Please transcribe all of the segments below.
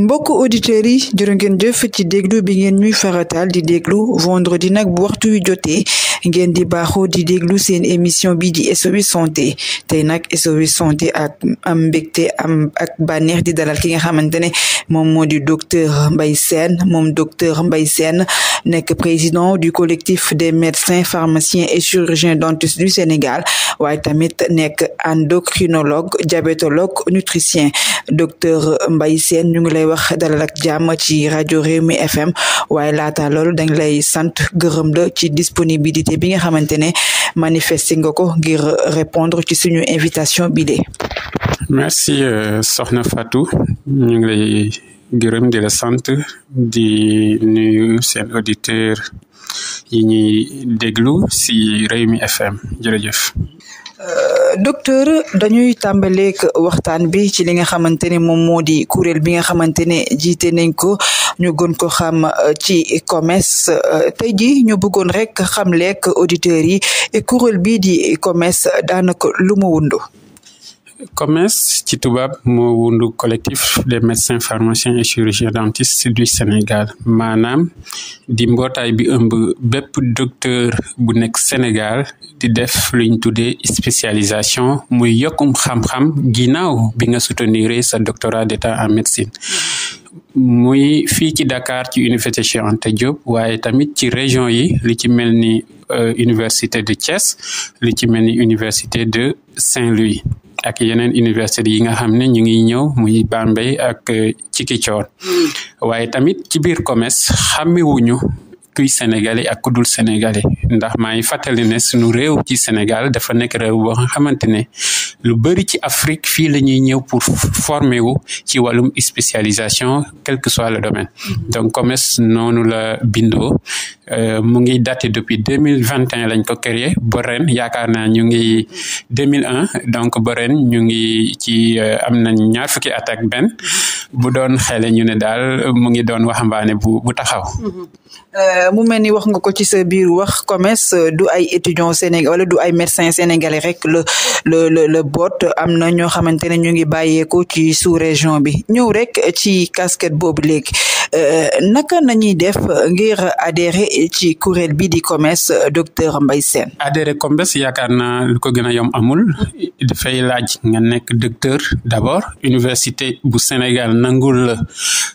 mbokk auditeurs yi jërë ngeen jëf ci déglu bi ngeen ñuy faratal di déglu vendredi nag bu waxtu wi jote ngeen di baaxoo di déglu seen émission bi di SOS santé tey nag SOS santé ak am mbégte am ak bànneex di dalal ki nga xamante ne moom moo di docteur Mbaye Sène moom docteur mbay Sène nekk président du collectif des médecins pharmaciens et chirurgiens dentistes du Sénégal waaye tamit nekk endocrinologue diabétologue nutrition docteur Mbaye Sène ñu ngi wax dalal ak jàmm ci rajo Rewmi FM waaye laata loolu dañ lay sant gërëm la ci disponibilité bi nga xamante ne manifesté nga ko ngir répondre ci suñu invitation bi de. merci euh, Soxna Fatou ñu ngi lay gërëm di la sant di nuyu seen auditeur yi ñuy déglu si Rewmi FM jërëjëf. Euh, docteur dañuy tàmbaleeg waxtaan bi ci li nga xamante ne moom moo di kuréel bi nga xamante ne jiite nañ ko ñu gën ko xam euh, ci COMES euh, tey ji ñu bëggoon rek xam leeg auditeurs yi kuréel bii di COMES daanaka lu mu wundu COMES ci tubaab moo wundu collectif des médecins pharmaciens et chirurgiens dentistes du Sénégal maanaam di mbootaay bi ëmb bépp docteur bu nekk Sénégal di def luñ tuddee spécialisation muy yokkum xam-xam ginnaaw bi nga soutenir sa doctorat d'état en médecine muy fii ci Dakar ci université Cheikh Anta Diop waaye tamit ci région yi li ci mel ni euh, université de Thiès li ci mel ni université de Saint-Louis ak yeneen université yi nga xam ne ñu ngi ñëw muy Bambey ak Ziguinchor hmm. waaye tamit ci biir commerce xàmmewuñu kuy sénégalais ak ku dul sénégalais ndax maa ngi fàttali ne suñu réew ci Sénégal dafa nekk réew bo nga xamante ne lu bëri ci Afrique fii la ñuy ñëw pour former wu ci wàllum spécialisation quel que soit le domaine mm-hmm. donc commerce noonu la bindoo euh, mu ngi daté depuis deux mille vingt et lañ ko créé ba ren yaakaar naa ñu ngi deux mille un donc ba ren ñu ngi ci euh, am na ñaar fukki at ak benn mm-hmm. bu doon xele ñu ne daal mu ngi doon waxambaane bu bu taxaw mm-hmm. Euh, mu mel ni wax nga ko ci sa biir wax commerce euh, du ay étudiants sénégalais wala du ay médecins sénégalais rek le le le le boot am na ñoo xamante ne ñu ngi bàyyeeku ci sous région bi ñëw rek ci casquette boobu léegi Euh, naka nañuy def ngir adhérer ci kuréel bi di COMES euh, docteur mbay Sène adhérer COMES yaakaar naa lu ko gën a yomb amul dafay laaj nga nekk docteur d'abord université bu Sénégal nangul la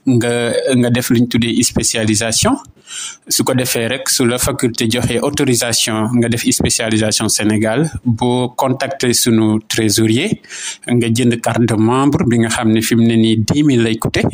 nga nga def liñ tuddee spécialisation su ko defee rek su la faculté joxe autorisation nga def spécialisation Sénégal boo contacter sunu trésorier nga jënd carte de membre bi nga xam ne fi mu ne nii dix mille lay coûter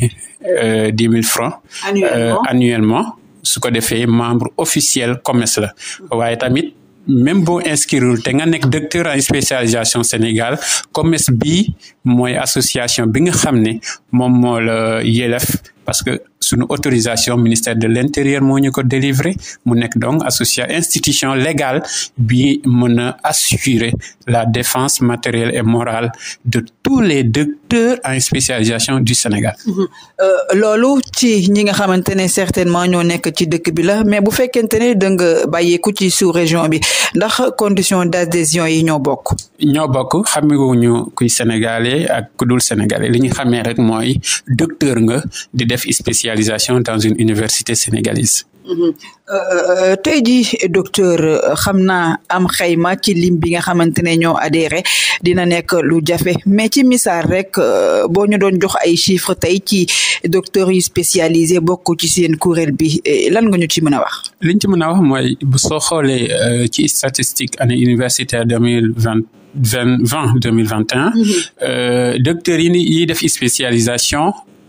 Euh, dix mille francs euh, annuellement su ko defee membre officiel commerce la waaye tamit même boo inscrirul te nga nekk docteur en spécialisation Sénégal commerce bi mooy association bi nga xam ne moom moo la yelef parce que suñu autorisation ministère de l'intérieur moo ñu ko délivré mu nekk donc associé institution légale bi mën a assurer la défense matérielle et morale de tous les docteurs en spécialisation du Sénégal. Mm-hmm. Euh, loolu ci ñi nga xamante ne certainement ñoo nekk ci dëkk bi la mais bu fekkente ne da nga bàyyeeku ci sous région bi ndax condition d'adhésion yi ñoo bokk. ñoo bokk xamewuñu kuy sénégalais ak ku dul sénégalais li ñu xamee rek mooy docteur nga di def spécialisation dans une université sénégalaise Mhm. Euh, euh, euh, te jii docteur xam naa am xayma ci lim bi nga xamante ne ñoo adhéré dina nekk lu jafe mais ci misaal rek boo ñu doon jox ay chiffres tey ci docteur yi spécialisé bokk ci seen kuréel bi lan nga ñu ci mën a wax. liñ ci mën a wax mooy bu soo xoolee ci statistique année universitaire deux mille vingt vingt vingt mille vingt et un mhm. docteur yi ni yi def spécialisation.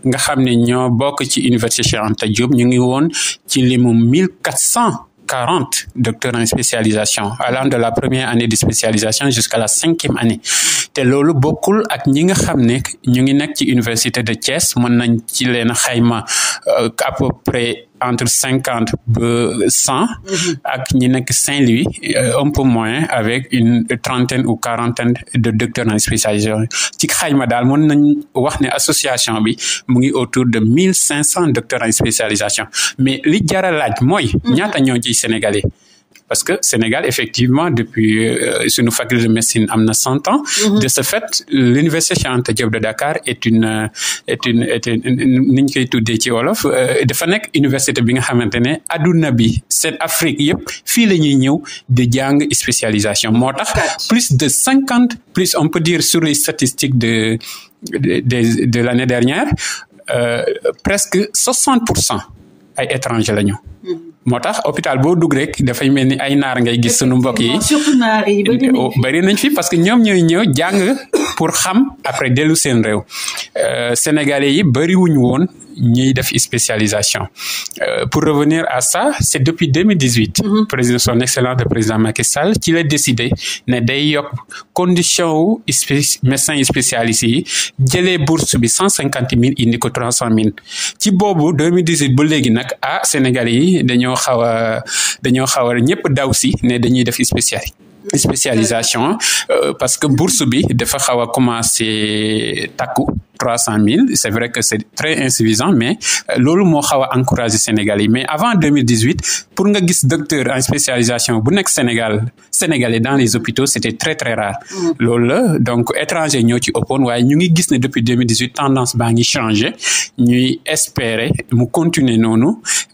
nga xam ne ñoo bokk ci université Cheikh Anta Diop ñu ngi woon ci limu mille quatre cent quarante docteurs en spécialisation allant de la première année de spécialisation jusqu'à la cinquième année te loolu bokkul ak ñi nga xam ne ñu ngi nekk ci université de Thiès mën nañ ci leen xayma euh, à peu entre cinquante ba cent ak ñi nekk Saint-Louis euh, un peu moins avec une trentaine ou quarantaine de docteurs en spécialisation ci xayma daal mën nañ wax ne association bi mu ngi autour de mille cinq cent docteurs en spécialisation mais li jara laaj mooy mhm. ñaata ñoo ci Sénégalais parce que Sénégal effectivement depuis euh, suñu faculté de médecine am na cent ans. Mm de ce fait l'université Cheikh Anta Diop de Dakar est une euh, ni ñu koy tuddee ci wolof euh, dafa nekk université bi nga xamante ne adduna bi seen Afrique yëpp fii la ñuy ñëw di jàng spécialisation moo tax plus de cinquante plus on peut dire sur les statistiques de de de, de l'année dernière euh, presque soixante pour cent ay étrangers la ñu. Mhm. moo tax hôpital boo dug rek dafay mel ni ay naar ngay gis sunu mbokk yi. surtout naar oh, bari nañ fi parce que ñoom ñooy ñëw jàng. pour xam après dellu seen réew euh, sénégalais yi bariwuñu woon ñuy def spécialisation euh, pour revenir à ça c'est depuis 2018 mm-hmm. président son excellence le président Macky Sall ci la décidé ne day yokk condition wu médecins spécialistes yi jëlee bourse bi cent cinquante mille indi ko trois cent mille ci boobu 2018 ba léegi nag ah sénégalais yi dañoo xaw a dañoo xaw a ñëpp daw si ne dañuy def spécialité spécialisation euh, parce que bourse bi dafa xaw a commencé takku trois cent mille c'est vrai que c'est très insuffisant mais euh, loolu moo xaw a Sénégal yi mais avant 2018 pour nga gis docteur en spécialisation bu nekk Sénégal sénégalais dans les hôpitaux c'était très très rare mm. loolu la donc étranger ñoo ci ëppoon waaye ñu ngi gis ne depuis 2018 tendance baa ngi changé ñuy espérer mu continuer noonu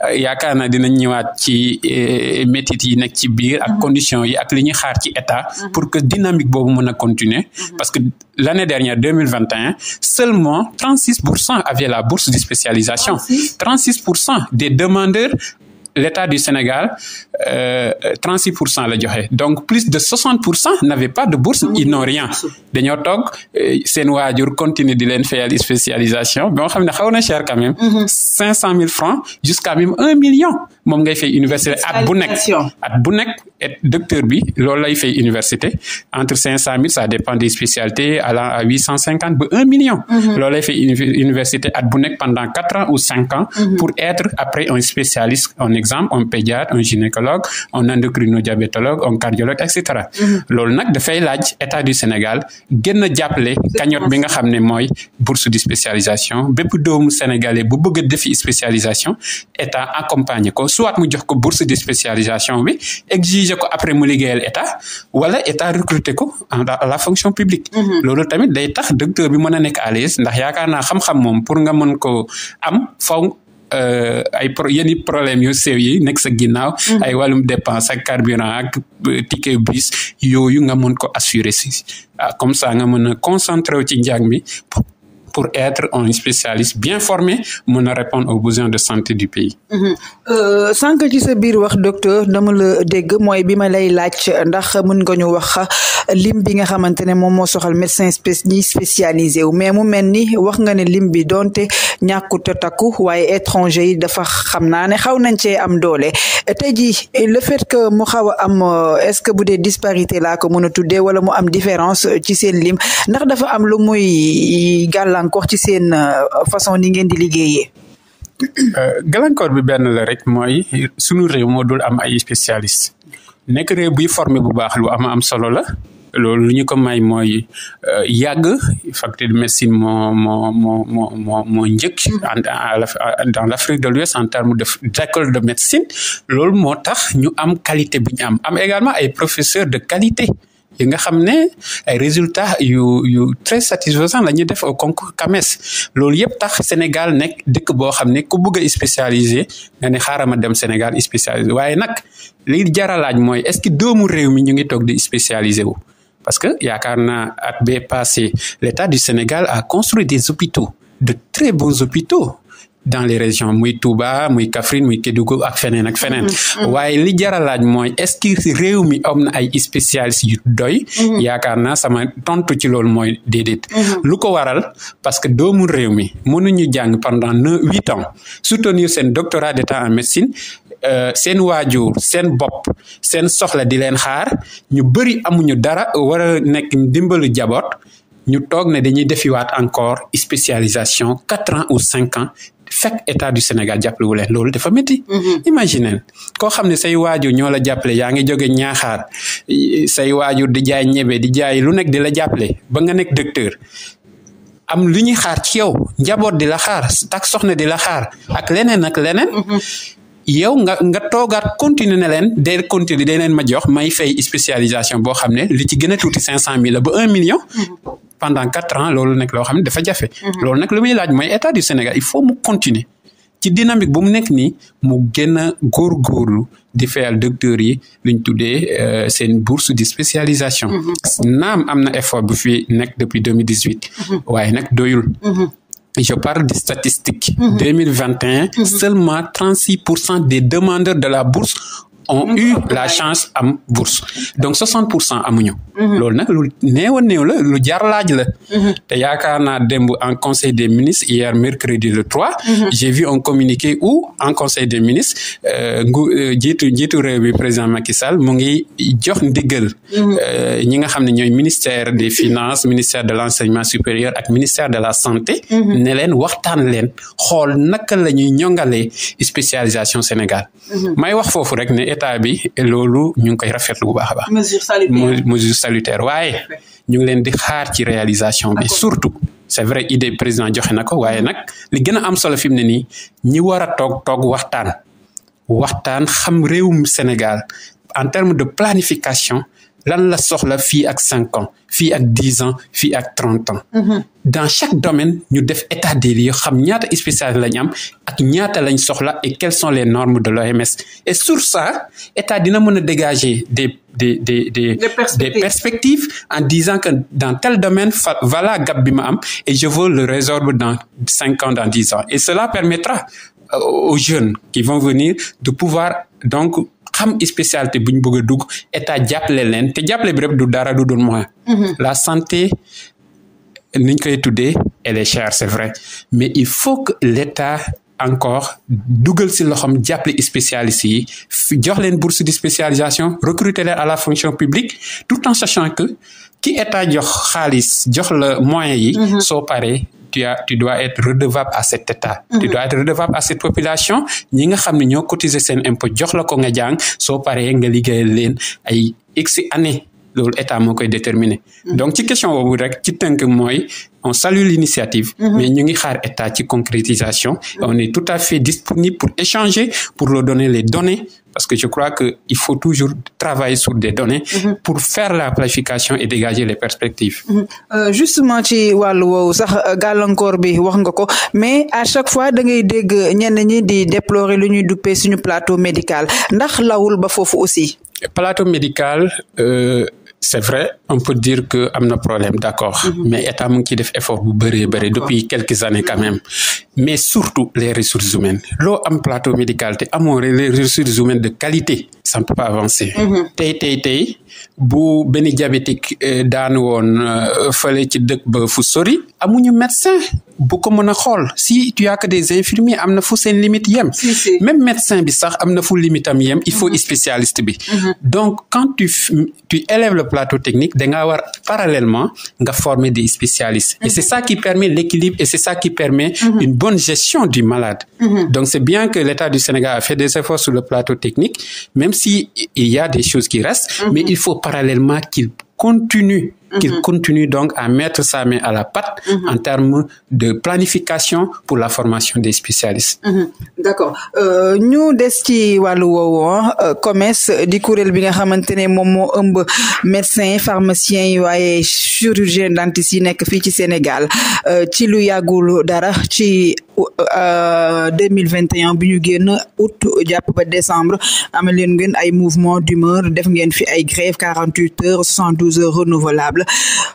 euh, yaakaar naa dinañ ñëwaat ci euh, métit yi nekk ci biir ak mm-hmm. conditions yi ak li ñuy xaar ci état mm-hmm. pour que dynamique boobu mën a continuer mm-hmm. parce que l'année dernière 2021 seulement 36 pour cent avaient la bourse de spécialisation. 36 pour cent des demandeurs l'État du Sénégal euh, trente-six pour cent la joxe donc plus de soixante pour cent n'avaient pas de bourse ils n'ont rien dañoo toog euh, seen waajur continue di leen fayal spécialisation ba nga xam ne xaw na cher quand même mhm. cinq cent mille francs jusqu'à un million moom ngay fay université at bu nekk at bu nekk docteur bi loolu lay fay université entre cinq cent mille ça dépend des spécialités allant à huit cent cinquante un million mhm. loolu lay université at bu nekk pendant quatre ans ou cinq ans mhm. pour être après un spécialiste en exemple un pédiatre un gynécologue un endocrinodiabétologue un cardiologue et cetera. Mm-hmm. loolu nag dafay laaj état du Sénégal gën a jàppale cagnotte bi nga xam ne mooy bourse de spécialisation bépp doomu sénégalais bu bëgg a defi spécialisation état accompagner ko soit mu jox ko bourse de spécialisation bi exiger ko après mu liggéeyal état wala état recruter ko à la fonction publique. Mm-hmm. loolu tamit day tax docteur bi mën a nekk à l'aise ndax yaakaar naa xam-xam moom pour Euh, ay pro yenn problème yo sew yi nekk sa ginaaw mhm. ay wàllum dépense ak carburant ak euh, ticket bus yooyu nga mën ko assurer si ah comme ça nga mën a concentré wu ci njàng mi. pour être un spécialiste bien formé mën a répondre aux besoins de santé du pays. Mhm. Euh, sànq ci sa biir wax docteur dama la dégg mooy bi ma lay laaj ndax mën nga ñu wax lim bi nga xamante ne moom moo soxal médecin spécialisé wu mais mu mel ni wax nga ne lim bi donte ñàkkut a takku waaye étranger yi dafa xam naa ne xaw nañ cee am doole tey jii le fait que mu xaw am est-ce que bu dee disparité laa ko mën a tuddee wala mu am différence ci seen lim ndax dafa gàllankoor ci seen euh, façon ni ngeen di liggéeyee. Euh, gàllankoor bi benn la rek mooy sunu réew moo dul am ay spécialiste nekk buy formé bu baax lu am am solo la. loolu lu ñu ko may mooy euh, yàgg faculté de médecine moo moo moo moo moo moo njëkk dans l' Afrique de l'Ouest en terme de d' école de médecine loolu moo tax ñu am qualité bi ñu am am également ay professeurs de qualité yi nga xam ne ay résultat yu yu très satisfaisant la ñuy def au concours CAMES loolu yëpp tax Sénégal nekk dëkk boo xam ne ku bëgg a spécialisé nga ne xaaral ma dem Sénégal spécialisé waaye nag li jaralaaj mooy est-ce que doomu réew mi ñu ngi toog di spécialisé wu. parce que yaakaar naa at bee passé l'État du Sénégal a construit des hôpitaux de très bons hôpitaux. dans les régions muy Touba muy kafrin muy Kédougou ak feneen ak feneen. Mm-hmm, mm-hmm. waaye li jaralaaj mooy est réew mi am na ay spécialistes yu doy. Mm-hmm. yaakaar naa sama tontu ci loolu mooy déedéet. lu ko waral parce que doomu réew mi mënuñu jàng pendant neuf huit ans soutenir seen doctorat d'état en médecine. Uh, seen waajur seen bopp seen soxla di leen xaar ñu bëri amuñu dara war a nekk dimbalu jaboot ñu toog ne dañuy defiwaat encore spécialisation quatre ans ou cinq ans fekk état du Sénégal jàppale wu loolu dafa métti. Mm-hmm. imaginez koo xam ne say waajur ñoo la jàppale yaa ngi jóge ñaaxaar say waajur di jaay ñebe di jaay lu nekk di la jàppale ba nga nekk docteur. am lu ñuy xaar ci yow njaboot di la xaar tak soxna di la xaar ak leneen ak leneen. Mm-hmm. yow nga nga toogaat continuer na leen day continuer day leen ma jox may fay spécialisation boo xam ne li ci gën a tuuti cinq cent mille la ba un million pendant quatre ans loolu nekk loo xam ne dafa jafe mhm. loolu nag lu muy laaj mooy état du Sénégal il faut mu continuer ci dynamique bu mu nekk nii mu gën a góorgóorlu di fayal docteurs yi luñ tuddee euh, seen bourse de spécialisation mhm. naam am na effort bu fi nekk depuis 2018 mhm. waaye nag doyul je parle des statistiques. 2021 mhm. mhm. seulement 36 pour cent des demandeurs de la bourse ont mmh. eu mmh. la chance am bourse donc 60 pour cent amuñu. Mmh. loolu nag lu néew a néew la lu jar laaj la. te yaakaar naa démb en conseil des ministres hier mercredi le 3. j'ai vu un communiqué où en conseil des ministres euh, ngu euh, jiitu jiitu réew bi président Macky Sall mu ngi jox ndigal. Euh, ñi nga xam ne ñooy ministère des finances ministère de l'enseignement supérieur ak ministère de la santé. ne leen waxtaan leen xool naka la ñuy ñongalee spécialisation Sénégal. may wax foofu rek état bi loolu ñu ngi koy rafetlu bu baax a baax. mesure salutaire mesure salutaire waaye. ñu ngi leen di xaar ci réalisation bi surtout. c'est vrai idée président joxe na ko waaye nag li gën a am solo fi mu ne nii ñi war a toog toog waxtaan waxtaan xam réewum Sénégal en termes de planification. lan la soxla fii ak cinq ans fii ak dix ans fii ak trente ans. Mhm. dans chaque domaine ñu def état des lieux xam ñaata spécialistes lañ am ak ñaata lañ soxla et quelles sont les normes de l'OMS et sur ça état dina mën a dégager des des des des. des perspectives, des perspectives en disant que dans tel domaine fa voilà bi ma am et je veux le résorber dans cinq ans dans dix ans et cela permettra euh, aux jeunes qui vont venir de pouvoir donc. xam spécialité bu ñu bëgg a dugg état jàppale leen te jàppale bi du dara du doon moyen. Mhm. la santé niñ koy tuddee elle est chère c'est vrai mais il faut que l'état encore dugal si loxom jàppale spécialistes yi jox leen bourse de spécialisation recruter leen à la fonction publique tout en sachant que ki état jox xaalis jox la moyen yi. Mhm. soo paree tu as tu dois être redevable à cet tu mhm. dois être redevable à population ñi nga xam ne ñoo cotiser seen impôt jox la ko nga jàng soo paree nga liggéeyal leen ay x année loolu état moo koy déterminer. Mhm. donc ci question boobu rek ci tënk mooy on salue l'initiative mm mais ñu ngi xaar état ci concrétisation et on est tout à fait disponible pour échanger pour leur donner les données parce que je crois que faut toujours travailler sur des données mhm. pour faire la planification et dégager les perspectives mm justement ci wàllu woowu sax euh, gàllankoor bi wax nga ko mais à chaque fois da ngay dégg ñenn ñi di déplorer lu ñuy duppee suñu plateau médical ndax lawul ba foofu aussi plateau médical euh, c'est vrai on peut dire que am na problème d'accord mm -hmm. mais état mu def effort bu bëree bëri depuis quelques années quand même mais surtout les ressources humaines loo am plateau médical te amoo les ressources humaines de qualité ça ne peut pas avancer mhm. tey tey tey bu benn diabétique euh, daan woon euh, fële ci dëkk ba fu sori amuñu médecin bu ko mën a xool si tu as que des infirmiers am na fu seen limite yem même médecin bi sax am na fu limitam yem il faut mhm. spécialiste bi mhm. plateau technique dangaa war parallèlement nga former des spécialistes et c'est mhm. ça qui permet l'équilibre et c'est ça qui permet mhm. une bonne gestion du malade mhm. donc c'est bien que l'État du Sénégal a fait des efforts sur le plateau technique même si il y a des choses qui restent mais il faut parallèlement qu'il continue qu'il mhm. continue donc à mettre sa à la pâte mhm. en termes de planification pour la formation des spécialistes. Mhm. d'accord euh, ñu des ci wàllu woowu euh, commerce di kuréel bi nga xamante ne moom moo ëmb médecin pharmacien yi waaye chirurgien dentiste yi nekk fii ci Sénégal euh, ci lu yàggul dara ci Euh, deux mille vingt et bi ñu génn août jàpp ba décembre amal leen ngeen ay mouvement d'humeur def ngeen fi ay grève quarante huit heures soixante douze heures renouvelables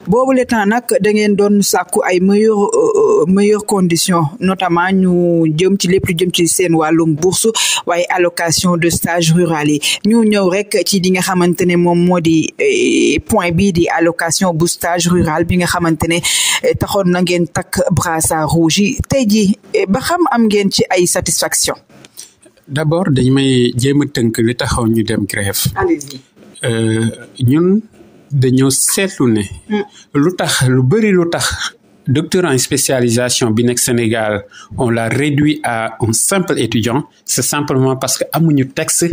boobu le temps nag da ngeen doon sàkku ay meilleures condition euh, euh, conditions notamment ñu jëm ci lépp lu jëm ci seen wàllum bourse waaye allocation de stage rural yi ñu ñëw rek ci li nga xamante ne moom moo di eh, point bi di allocation bu stage rural bi nga xamante ne eh, taxoon na takk brassard rouge yi tey ji ba xam am ngeen ci ay satisfaction d'abord dañ may jéem a tënk li taxaw ñu dem grève euh, ñun dañoo seetlu ne mm. lu tax lu bëri lu tax docteur en spécialisation bi nekk Sénégal on l'a réduit à un simple étudiant c'est simplement parce que amuñu texte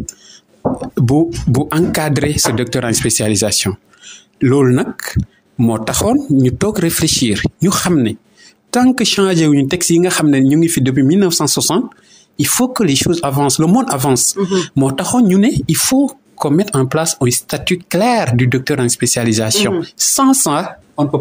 bu bu encadrer ce docteur en spécialisation loolu nag moo taxoon ñu toog réfléchir ñu xam ne tant que changé wuñu texte yi nga xam ne ñu ngi fi depuis 1960 il faut que les choses avancent le monde avance. Mm-hmm. moo taxoon ñu ne il faut qu'on mette en place un statut clair du docteur en spécialisation. Mm-hmm. sans ça on peut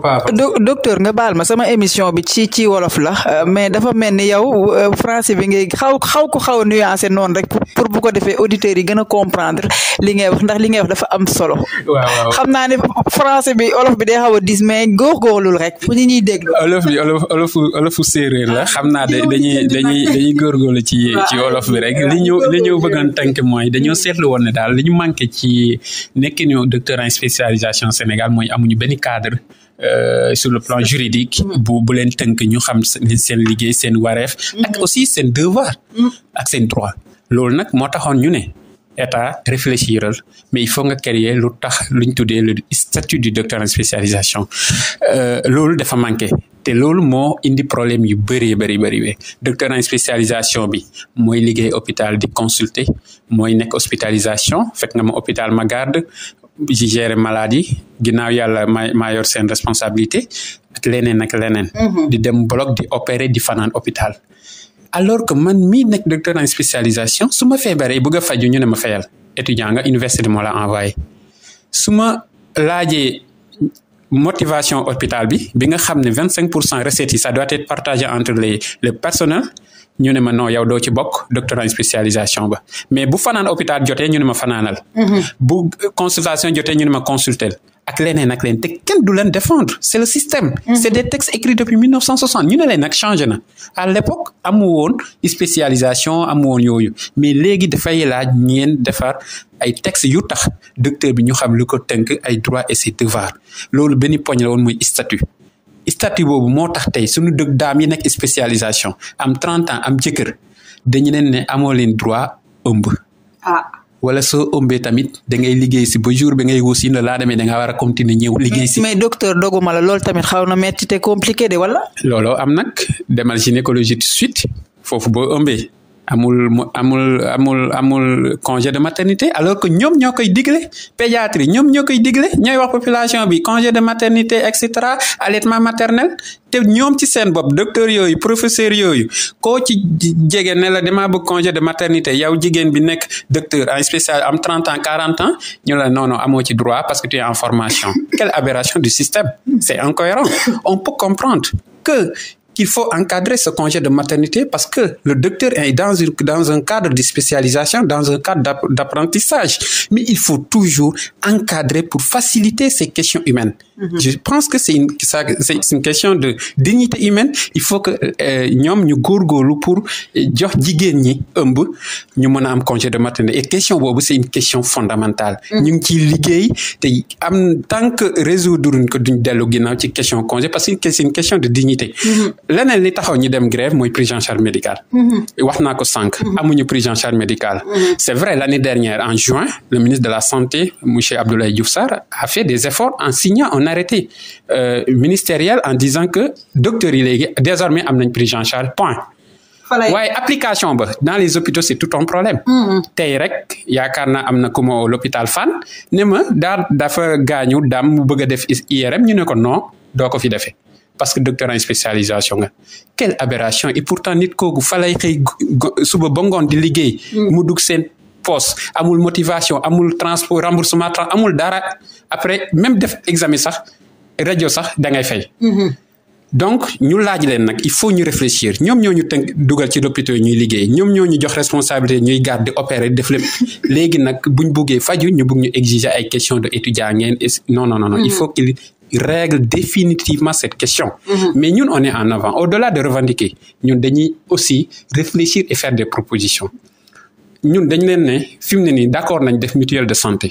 docteur nga baal ma sama émission bi ci ci wolof la euh, mais dafa mel ni yow euh, français bi ngay xaw xaw ko xaw a nuancé noon rek pour bu ko defee auditeurs yi gën a comprendre li wax ndax li ngay wax dafa am solo. waaw xam naa ne français bi olof bi day xaw a dis mais góorgóorlul rek fu ñu ñuy déglu. olof bi olof olofu olofu séeréer la xam naa dañuy dañuy dañuy góorgóorlu ci ci olof bi rek li ñu li ñu bëggoon tënk mooy dañoo seetlu woon ne daal li ñu manqué ci nekkinu docteur en spécialisation Sénégal mooy amuñu benn cadre. Euh, sur le plan juridique mm. bu bu leen tënk ñu xam seen liggéey seen wareef mm. ak aussi seen devoir mm. ak seen droit loolu nag moo taxoon ñu ne état réfléchiral mais il faut nga créer lu tax lu ñu tuddee le statut du docteur en spécialisation euh, loolu dafa manqué te loolu moo indi problème yu bëri bëri bëri docteur en spécialisation bi mooy liggéey hôpital di consulter mooy nekk hospitalisation fekk nga ma hôpital ma garde ci gérer maladie ginnaaw yàlla maa maa yor seen responsabilité ak leneen ak leneen. Mhm. di dem bloc di opérer di fanaan hôpital. alors que man mii nekk docteur en spécialisation su ma feebaree bugga a faju ñu ne ma fayal étudiant nga université moo la envoyé su ma laajee motivation hôpital bi bi nga xam ne vingt cinq pour cent recettes yi ça doit être partagé entre le personnel ñu ne ma non yow doo ci bokk doctorat spécialisation ba mais bu fanaan hôpital jotee ñu ne ma fanaanal. Mhm. bu consultation jotee ñu ne ma consultel ak leneen ak leen te kenn du leen défendre c' est le système. Mhm. c' est des textes écrits depuis 1960 ñu ne leen nag changé na à l' époque amu woon spécialisation amu woon yooyu mais léegi dafay laaj ñeen defar ay textes yu tax docteur bi ñu xam lu ko tënk ay droit et ses devoirs loolu benn poñ la woon mooy statut. statut boobu moo tax tey suñu dëkk daam yi nekk spécialisation am 30 ans am jëkkër dañu leen ne amoo leen droit ëmb. a ah. wala soo ëmbee tamit da ngay liggéey si ba jour bi ngay wus yi ne laa demee da ngaa war a continuer ñëw liggéey si. mais docteur doguma la loolu tamit xaw na metti te compliqué de wala. looloo am nag demal gynécologie tout de suite foofu boo ëmbee. amul mu amul amul amul congé de maternité alors que ñoom ñoo koy digle pédiatrie ñoom ñoo koy digle ñooy wax population bi congé de maternité et cetera allaitement maternel te ñoom ci seen bopp docteur yooyu professeur yooyu koo ci jege ne la damaa bëgg congé de maternité yow jigéen bi nekk docteur en spécial am 30 ans 40 ans ñu la non non amoo ci droit parce que tu es en formation quelle aberration du système c'est incohérent on peut comprendre que qu'il faut encadrer ce congé de maternité parce que le docteur est dans, une, dans un cadre de spécialisation, dans un cadre d'apprentissage. Mais il faut toujours encadrer pour faciliter ces questions humaines. Mm -hmm. Je pense que c'est une, une, question de dignité humaine. Il faut que euh, ñoom ñu góorgóorlu pour jox jigéen ñi ëmb ñu mën am congé de maternité et question boobu c'est une question fondamentale. Mm-hmm. ñu ngi ciy liggéey te am tant que résoudre duñ ko duñ dellu ginnaaw ci question congé parce que c'est une question de dignité. Mm leneen li taxaw ñi dem grève mooy prise en charge médicale. Mm-hmm. wax naa ko sànq. Mm-hmm. amuñu prise en charge médicale. Mm-hmm. c' est vrai l' année dernière en juin le ministre de la santé monsieur Abdoulaye Diouf Sarr a fait des efforts en signant un arrêté euh, ministériel en disant que docteurs yi léegi désormais am nañ prise en charge point. waaye application ba dans les hôpitaux c'est tout un problème tey rek yaakaar na am na ku ma l'hôpital Fann ne ma daal dafa gaañu daam mu bëgg a def IRM ñu ne ko doo ko fi defee parce que docteur en spécialisation nga quelle aberration et pourtant nit kooku fa lay xëy suba ba ngoon di liggéey mm. mu dugg seen poste amul motivation amul transport remboursement amul dara après même def examen sax rajo sax da ngay fay mm-hmm. donc ñu laaj leen nag il faut ñu réfléchir ñoom ñoo ñu tënk dugal ci l'hôpital ñuy liggéey ñoom ñoo ñu jox responsabilité ñuy garder opérer def lépp léegi nag buñ buggee faju ñu bugg ñu exiger ay question de étudiant ngeen non non non non mm-hmm. il faut qu'il règle définitivement cette question. Mm -hmm. Mais ñun on en avant au-delà de revendiquer ñun dañuy aussi réfléchir et faire des propositions ñun dañ leen ne fi mu ne nii d'accord nañ def mutuelle de santé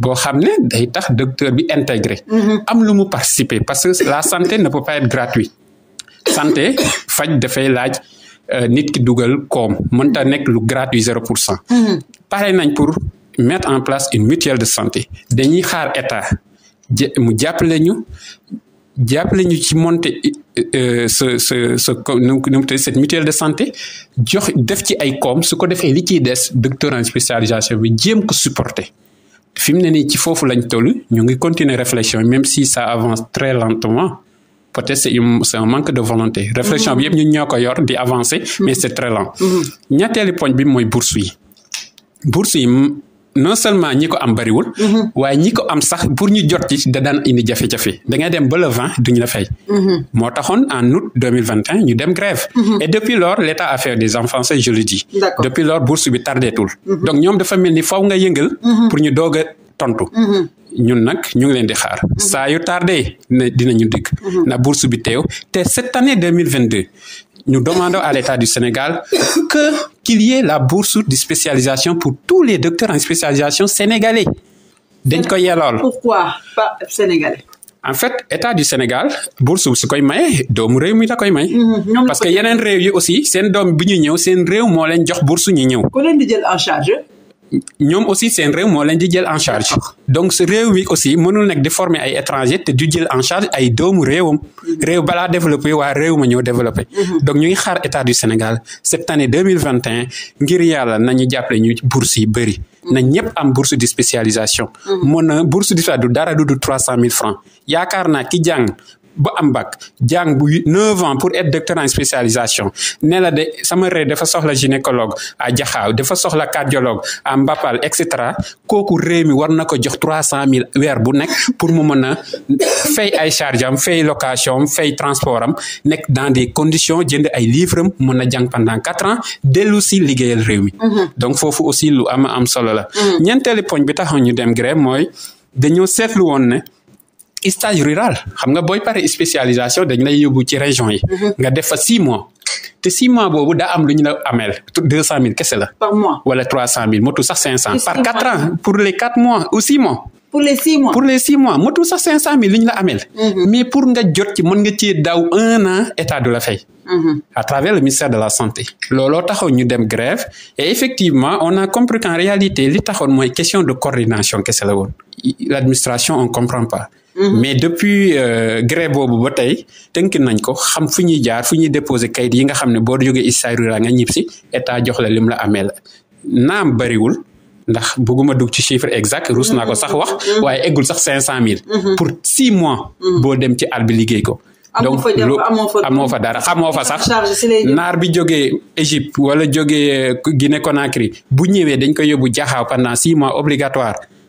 boo xam ne day tax docteur bi intégré. Mhm. am lu mu participer parce que la santé ne peut pas être gratuite santé faj dafay laaj. Euh, nit ki dugal koom mënta nekk lu gratuit zéro pour cent mhm. pare nañ pour mettre en place une mutuelle de santé dañuy xaar état mu jàppale ñu jàppale ñu ci monter euh, euh, ce ce ce nu mu tudd cette mutuelle de santé jox def ci ay koom su ko defee li ciy des docteur en spécialisation bi jéem ko supporté fi mu ne nii ci foofu lañ toll ñu ngi continuer réflexion même si ça avance très lentement peut-être c'est c'est manque de volonté. réflexion bi yëpp ñu ñoo ko yor di avancer mais c'est très lent. Mm-hmm. ñetteelu poñ bi mooy bourse yi bourse yi. non seulement ñi ko am bariwul. Mhm. waaye ñi ko am sax pour ñu jot ci da daan indi jafe-jafe da ngay dem ba le vingt duñu la fay. Mhm. moo taxoon en août deux mille vingt et ñu dem grève. Mhm. et depuis lors l' état a fait des avancées je le dis. depuis lors bourse bi tardeetul. donc ñoom dafa mel ni faw nga yëngal. pour ñu doog a tontu. ñun nag ñu ngi leen di xaar saa yu tardé ñu dikk. na bourse bi teew te cette année mille vingt deux nous demandons à l'État du Sénégal que qu'il la bourse de spécialisation pour tous les docteurs en spécialisation sénégalais. dañ ko yellool. pourquoi pas sénégalais. en fait état du Sénégal bourse su koy maye doom réew mi la koy may. Mhm, parce que yeneen réew yi aussi seen doom bi ñu ñëw réew moo leen jox bourse ñu ñëw. ku leen di en charge. ñoom aussi seen réew moo leen di jël en charge donc réew mi aussi mënul nekk di former ay étranger te du jël en charge ay doomu réewam réew balaa développé waa réew ma ñëw développé mhm. donc ñu ngi xaar état du Sénégal cette année deux mille vingt et un ngir yàlla nañu jàppale ñu bourse yi bëri mhm. na ñëpp am bourse de spécialisation mhm. mën na bourse du dara du du trois cent mille francs yaakaar naa ki jàng ba am bac jàng bu neuf ans pour être doctorant en spécialisation la de sama réew dafa soxla gynécologue à Jaxaaw dafa soxla cardiologue à Mbapal et cetera kooku réew mi war na ko jox trois cent mille weer bu nekk pour mu mën a fay ay charge am fay location am transport am nekk dans des condition jënd ay livre am mën a jàng pendant quatre ans dellu si liggéeyal réew mi mhm. donc foofu aussi lu am am solo la mhm. ñeenteelu poñ bi tax ñu dem grève mooy dañoo seetlu woon ne stage rural xam nga booy pare spécialisation dañ lay yóbbu ci région yi. Mhm. nga def fa six mois. te six mois boobu daa am lu ñu la ameel deux cent mille kese la. wala trois cent mille motu sax cinq cent. par quatre pour les quatre mois ou six pour les six mois motu sax cinq cent mille li ñu la ameel. Mhm. mais pour nga jot ci mën nga cee daaw un an état du la fay. Mhm. à travers le ministère de la santé. looloo taxoon ñu dem grève et effectivement on a compris qu'en réalité li taxoon mooy question de coordination kese la woon. l'administration on comprend Mhm. mais depuis euh, grève boobu ba tey tënk nañ ko xam fu ñuy jaar fu ñuy déposer kayit yi nga xam ne boo jógee ISRA nga ñib si état jox la lim la amee la naam bariwul ndax bëgguma dugg ci chiffre exact ruus naa ko sax mhm. wax mhm. waaye eggul sax cinq cent mille pour six mois boo dem ci àll bi liggéey ko donc lu amoo fa dara xamoo fa sax naar bi jógee Égypte wala jógee Guinée Conakry bu ñëwee dañ koy yóbbu jaxaaw pendant six mois obligatoire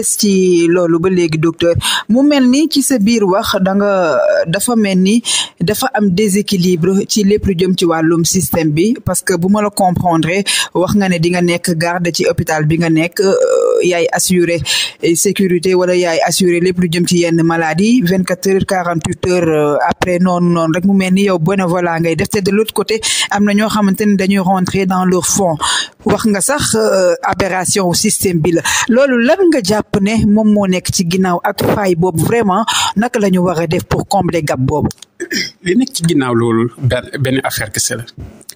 des ci loolu ba léegi docteur mu mel ni ci sa biir wax da nga dafa mel ni dafa am déséquilibre ci lépp lu jëm ci wàllum système bi parce que bu ma la comprendre wax nga ne di nga nekk garde ci hôpital bi nga nekk euh, yaay assuré sécurité wala yaay assuré lépp lu jëm ci yenn maladie vingt quatre heures quarante huit heures euh, après noon noonu rek mu mel ni yow bénévolat ngay def te de l'autre côté am na ñoo xamante ne dañuy rentrer dans leur fond wax nga sax euh, aberration système bi la jàpp ne moom moo nekk ci ginnaaw ak faay boobu vraiment naka la ñu war def pour combler gab boobu. li ci ginnaaw loolu benn affaire kese la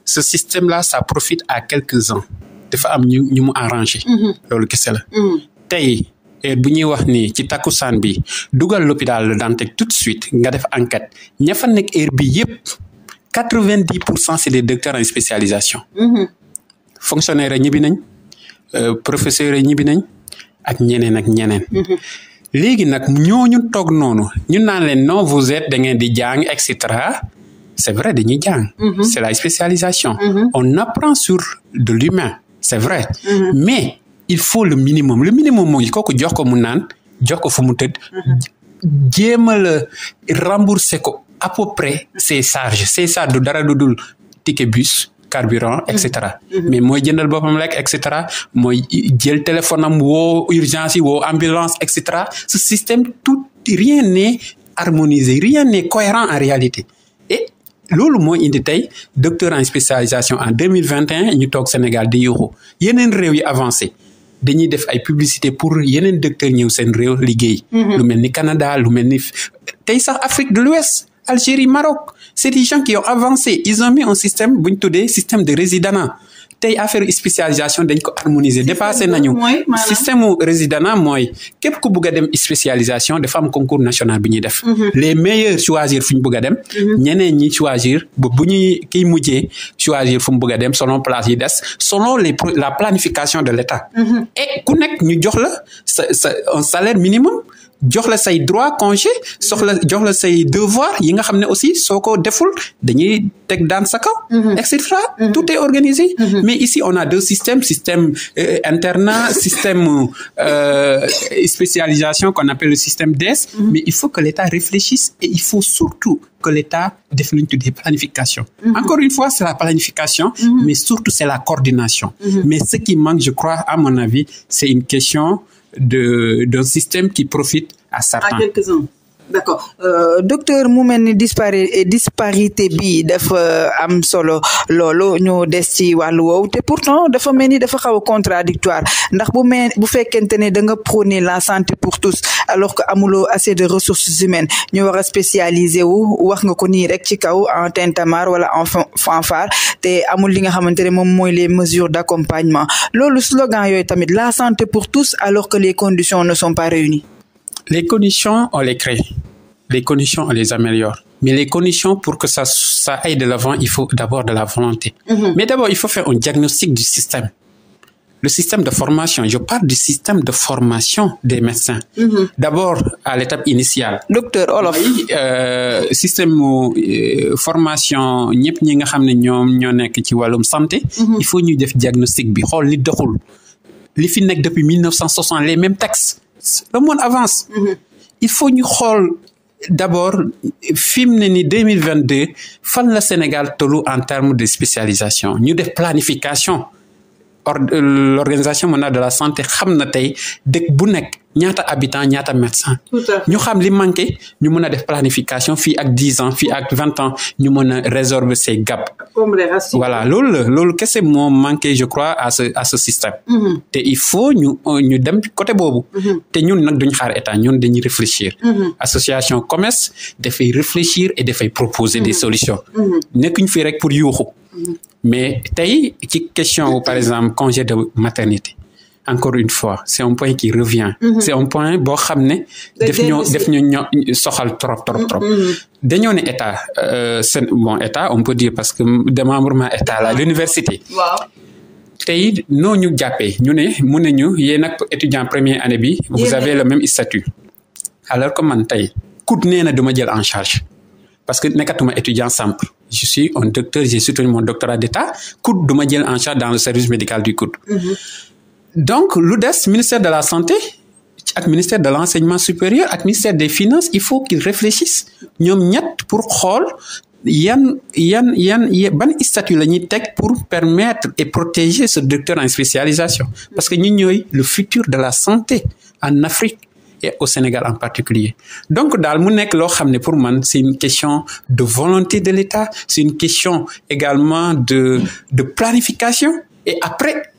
ce système la ça profite à quelques-uns dafa am ñu ñu mu arrangé. Mhm. loolu kese la. Mhm. tey eh, bu ñuy wax ni ci takku takkusaan bi dugal l'hôpital Le Dantec tout de suite nga def enquête ña fa nekk heure bi yépp quatre-vingt-dix pour cent c'est de docteurs en spécialisation. Mhm. fonctionnaires yi ñibbi nañ euh, professeurs yi ñibbi nañ. ak ñeneen ak ñeneen. Mm-hmm. léegi nag ñooñu toog noonu ñu naan leen non vous êtes da ngeen di jàng et cetera est vrai di jàng. Mm-hmm. c' est la spécialisation. Mm-hmm. on apprend sur de l'humain c'est est vrai. mais il faut le minimum le minimum mooy kooku jox ko mu naan jox ko fu mu tëdd. jéem a la rembourser ko à peu près ses charges ses charges du dara du dul ticket bus. carburant et mm-hmm. mais mooy jëndal boppam lekk et cetera mooy jël téléphone am woo urgence yi woo ambulance et cetera ce système tout rien n'est harmonisé rien n'est cohérent en réalité et loolu moo indi tey docteur en spécialisation en 2021 ñu toog Sénégal di yuuxu yeneen réew yi avancé dañuy def ay publicité pour yeneen docteur ñëw seen réew liggéey mm-hmm. lu mel Canada lu mel ni sax Afrique de l'Ouest Algérie Maroc c'est des gens qui ont avancé ils ont mis un système bu ñu tuddee système de résidanat tey affaire spécialisation dañ ko harmoniser dépassé nañu système mu résidanat mooy képp ku bugg a dem spécialisation de am concours national bi ñuy def mhm. les meilleurs choisir fu ñu bugg a dem mhm. ñeneen ñi choisir ba bu ñuy kiy mujjee choisir fu mu bugg a dem selon place yi des selon les la planification de l'État mhm. et ku nekk ñu jox la sa sa salaire minimum jox la say droit congé soxla jox la say devoir yi nga xam ne aussi soo ko deful dañuy teg daan saka kaw mhm. et cetera mhm. tout est organisé mhm. mais ici on a deux systèmes système euh, internat système euh, spécialisation qu'on appelle le système DES mais il faut que l'État réfléchisse et il faut surtout que l'État def lu ñu tuddee planification encore une fois c'est la planification mais surtout c'est la coordination mais ce qui manque je crois à mon avis c'est une question d'un système qui profite à certains. À quelques-uns. d'accord euh, docteur mu mel ni dispari disparité bi dafa euh, am solo loolu ñu des ci wàllu woowu te pourtant dafa mel ni dafa xaw a contradictoire ndax bu mel bu fekkente ne da nga prôner la santé pour tous alors que amuloo assez de ressources humaines ñu war a wu wax nga ko nii rek ci kaw en tintamarre wala en fanfare te amul li nga xamante ne moom mooy les mesures d'accompagnement loolu slogan yooyu tamit la santé pour tous alors que les conditions ne sont pas réunies les conditions, on les crée. Les conditions, on les améliore. Mais les conditions pour que ça, ça aille de l'avant, il faut d'abord de la volonté. Mm -hmm. Mais d'abord, il faut faire un diagnostic du système. Le système de formation, je parle du système de formation des médecins. Mm -hmm. D'abord, à l'étape initiale. Docteur Olof. Oui, euh, système euh, formation, ñëpp ñi nga xam ne ñoom ñoo nekk ci wàllum santé. Mhm. il faut ñu def diagnostic bi xool li doxul. li fi nekk depuis 1960 les mêmes textes. le monde avance. il faut ñu xool d'abord fi mu ne nii deux mille vingt deux fan la Sénégal tollu en termes de spécialisation ñu def planification or euh, l'organisation mondiale de la santé xam na tey dëkk bu nekk. ñaata habitant ñaata médecin ñu xam li manqué ñu mën a def planification fii ak dix ans fii ak vingt ans ñu mën a résorber ces gaps voilà loolu loolu kese moom manqué je crois à ce à ce système mm-hmm. te il faut ñu ñu dem côté boobu mm-hmm. te ñun nag duñ xaar état ñun dañuy réfléchir mm association commerce dafay réfléchir e dafay proposer des solutions nekkuñ fii rek pour yuuxu mais tey ci question par exemple congé de maternité encore une fois c' est un point qui mhm. boo xam ne. def ñu def ñu ño soxal trop trop mhm, trop. Mhm, dañoo ne état euh, seen bon état on peut dire parce que démembrement état la l'université tey noo ñu jàppee ñu ne mun nañu yéen ak étudiant premier année bi. vous avez le même statut. alors que man tey kut nee na du ma jël en charge parce que nekkatuma étudiant simple je suis un docteur j'ai soutenu mon doctorat d'état kut du ma jël en charge dans le service médical du kut. donc lu des ministère de la santé ak ministère de l'enseignement supérieur ak ministère des finances il faut qu'ils réfléchissent ñoom ñet pour xool yan yan yan ban statut la ñuy teg pour permettre et protéger ce docteur en spécialisation parce que ñu ñooy le futur de la santé en Afrique et au Sénégal en particulier donc daal mu nekk loo xam ne pour man c'est une question de volonté de l'État c'est une question également de de planification et après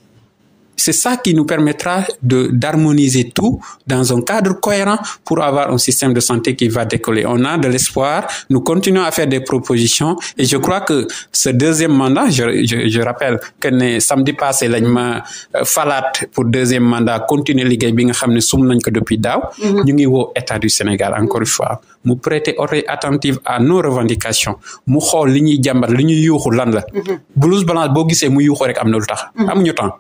C'est ça qui nous permettra de d'harmoniser tout dans un cadre cohérent pour avoir un système de santé qui va décoller. On a de l'espoir, nous continuons à faire des propositions et je crois que ce deuxième mandat, je, je, je rappelle que ne samedi passé lañ ma euh, falaat pour deuxième mandat continuer liggéey bi nga xam ne sum nañ ko depuis daaw. Mm-hmm. ñu ngi woo état du Sénégal encore une fois mu prêter oreille attentive à nos revendications mu xool li ñuy jàmbat li ñuy yuuxu lan la. Mm-hmm. blouse blanche boo gisee mu yuuxu rek am na lu tax. Mm-hmm. amuñu temps.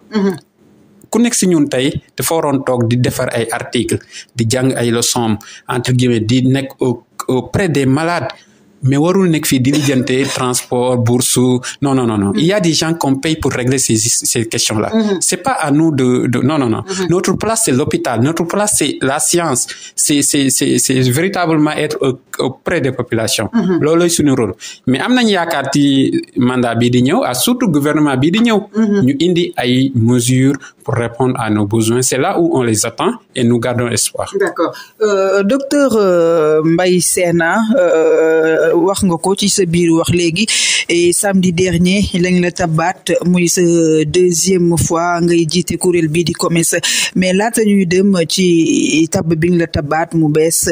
ku nekk si ñun tey dafa waroon toog di defar ay article di jàng ay leçons entre guillemets di nekk o près des malades mais warul nekk fii di lijjante transport bourse non non non non il y a des gens qu'on paye pour régler ces ces questions là mm-hmm. c'est pas à nous de de non non non mm-hmm. notre place c'est l'hôpital notre place c'est la science c'est c'est c'est c'est véritablement être auprès des populations mm-hmm. loolooy suñu rôle mais am nañ yaakaar ci mandat bii di ñëw à surtout gouvernement bii di ñëw ñu indi ay mesures pour répondre à nos besoins c'est là où on les attend et nous gardons espoir d'accord euh, docteur euh, Mbaye Sena euh, wax nga ko ci sa biir wax léegi samedi dernier lañ la tabaat muy sa deuxième fois ngay jiite kuréel bii di COMES mais laata ñuy dem ci tab bi nga la tabaat mu bees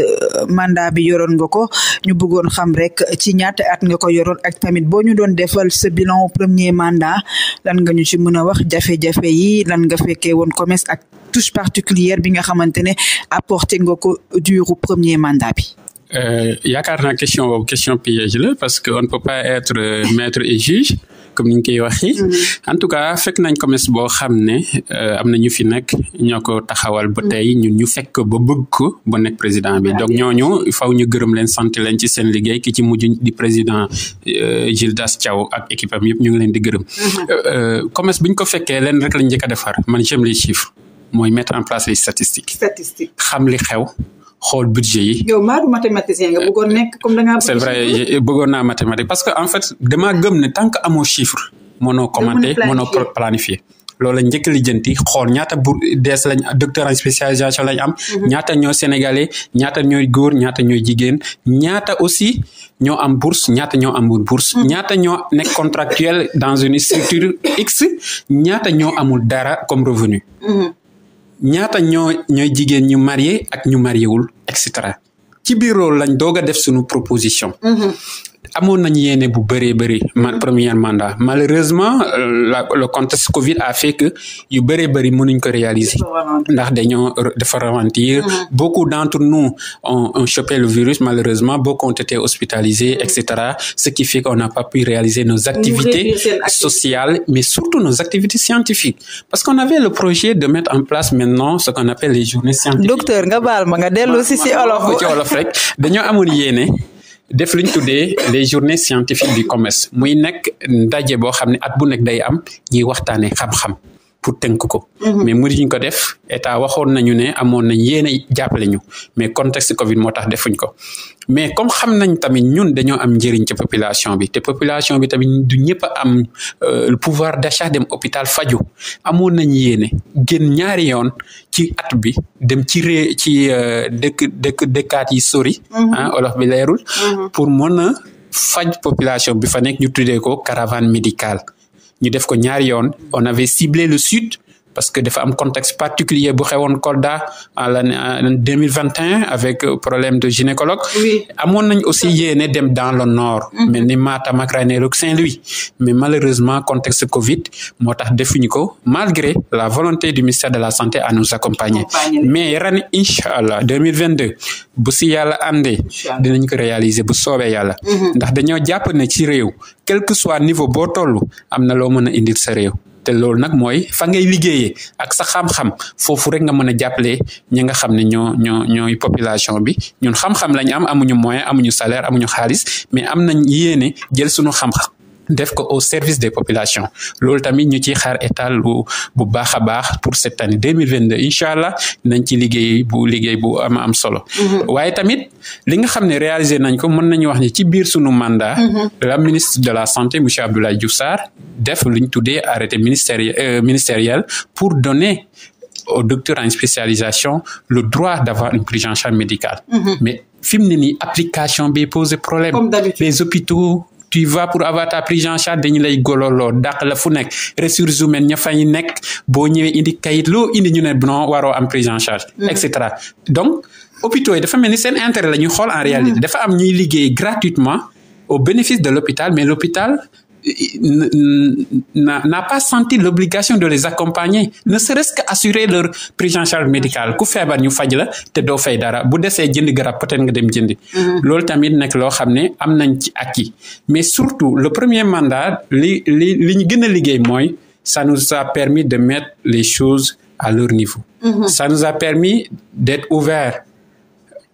mandat bi yoroon nga ko ñu bëggoon xam rek ci ñaata at nga ko yoroon ak tamit boo ñu doon defal sa bilan premier mandat lan nga ñu ci mën a wax jafe-jafe yi lan nga fekkee woon COMES ak touche particulière bi nga xamante ne apporté nga ko duru premier mandat bi Euh, yaakaar naa question boobu question piège la parce que on ne peut pas être euh, maître et juge comme ni ñu koy waxee. Mm-hmm. en tout cas fekk nañ commerce boo xam ne euh, am na ñu fi nekk ñoo ko taxawal ba tey mm-hmm. ñun ñu fekk ba bëgg ko ba nekk président bi donc ñooñu faw ñu gërëm leen sant leen ci seen liggéey ki ci mujj di président Gilles Dass Thiaw ak équipe am ñu ngi leen di gërëm. Mm-hmm. commerce bu ñu ko fekkee leen rek lañ njëkk defar man j'aime les chiffres mooy mettre en place les statistiques. xam li xew. xool budget yi. yow maa du mathématicien nekk comme da ngaa. c'est vrai bëggoon naa mathématique parce que en fait damaa gëm ne tant que amoo chiffre. mënoo commenter mënoo planifier. loolu la njëkk lijjanti xool ñaata bu dees lañ docteur en spécialisation lañ am. Mhm. ñaata ñoo sénégalais ñaata ñooy góor ñaata ñooy jigéen ñaata aussi ñoo am bourse ñaata ñoo amul bourse. Mhm. ñaata ñoo nekk contractuel dans une structure X ñaata ñoo amul dara comme revenu. Mhm. ñaata ñoo ñooy jigéen ñu marié ak ñu mariéwul et cetera ci biir loolu lañ doog a def suñu proposition. Mm-hmm. amoon nañu yéene bu bëree bëri man mhm. premier mandat malheureusement euh, la le contexte Covid a fait que yu bëree bëri mënuñ ko réaliser ndax dañoo dafa ralentir mhm. beaucoup d'entre nous ont, ont chopé le virus malheureusement beaucoup ont été hospitalisés mhm. etc ce qui fait qu'on n'a pas pu réaliser nos activités sociales mais surtout nos activités scientifiques parce qu'on avait le projet de mettre en place maintenant ce qu'on appelle les journées scientifiques docteur nga baal ma nga dellu si olof ci dañoo amoon yéene def lu ñu dee les journées scientifiques du commerce muy nekk ndaje boo xam ne at bu nekk day am ñiy waxtaanee xam-xam. pour tënk ko. Mhm. mais mënuñ ko def état waxoon nañu ne amoon nañ yéen a jàppale ñu mais contexte Covid moo tax defuñ ko mais comme xam nañ tamit ñun dañoo am njëriñ ci population bi te population bi tamit du ñëpp a am euh, le pouvoir d'achat dem hôpital faju amoon nañ yéene génn ñaari yoon ci at bi dem ci ré ci euh, dëkk dëkk dëkkaat yi sori. Mhm. Ah, olof bi leerul. Mhm. pour mën a faj population bi fa nekk ñu tuddee ko caravane médicale. ñu def ko ñaari yoon on avait ciblé le sud parce que dafa am contexte particulier bu xewoon Kolda en l'année 2021 avec problème de gynécologue amoon nañ aussi yéene dem dans le nord mm-hmm. mel ni Matam ak Ranérou ak Saint-Louis mais malheureusement contexte Covid moo tax defuñu ko malgré la volonté du ministère de la santé à nous accompagner mais ren incha allah 2022 bu si yàlla àndee dinañ ko réaliser bu soobee yàlla mm-hmm. ndax dañoo jàpp ne ci réew quel que soit niveau boo tollu am na loo mën a indil sa te loolu nag mooy fa ngay liggéeyee ak sa xam-xam foofu rek nga mën a jàppale ñi nga xam ne ñoo ñoo ñooy population bi ñun xam-xam lañ am amuñu moyen amuñu salaire amuñu xaalis mais am nañ yéene jël suñu xam-xam def ko au service des populations loolu tamit ñu ciy xaar état lu bu baax a baax pour cette année deux mille vingt deux incha allah nañ ci liggéey bu liggéey bu am am solo. Mm-hmm. waaye tamit li nga xam ne réaliser nañ ko mën nañu wax ni ci biir sunu mandat. Mm-hmm. la ministre de la santé monsieur Abdoulaye Diouf Sarr def lu ñu tuddee arrêté ministériel euh, ministériel pour donner. au docteur en spécialisation le droit d'avoir une prise en charge médicale. Mm-hmm. mais fi ne nii application bi pose problème. tu vas pour avoir ta prise charge dañu lay gololoo dàq la fu nekk ressources humaines ña fay nekk boo ñëwee indi kayit loo indi ñu ne non waroo am prise en charge mm. et cetera donc hôpitaux yi dafa mel ni seen intérêt la ñuy xool en réalité mm. dafa am ñuy liggéey gratuitement au bénéfice de l'hôpital mais l'hôpital n'a pas senti l'obligation de les accompagner ne serait resque qu'assurer leur prise en charge médicale ku feebar ñu faj la te doo fay dara bu desee jënd gara peut-être nga dem jëndi mm-hmm. loolu tamit nekk loo xam ne am nañ ci acquis mais surtout le premier mandat li li li ñu gën a liggéey mooy ça nous a permis de mettre les choses à leur niveau mm-hmm. ça nous a permis d'être ouverts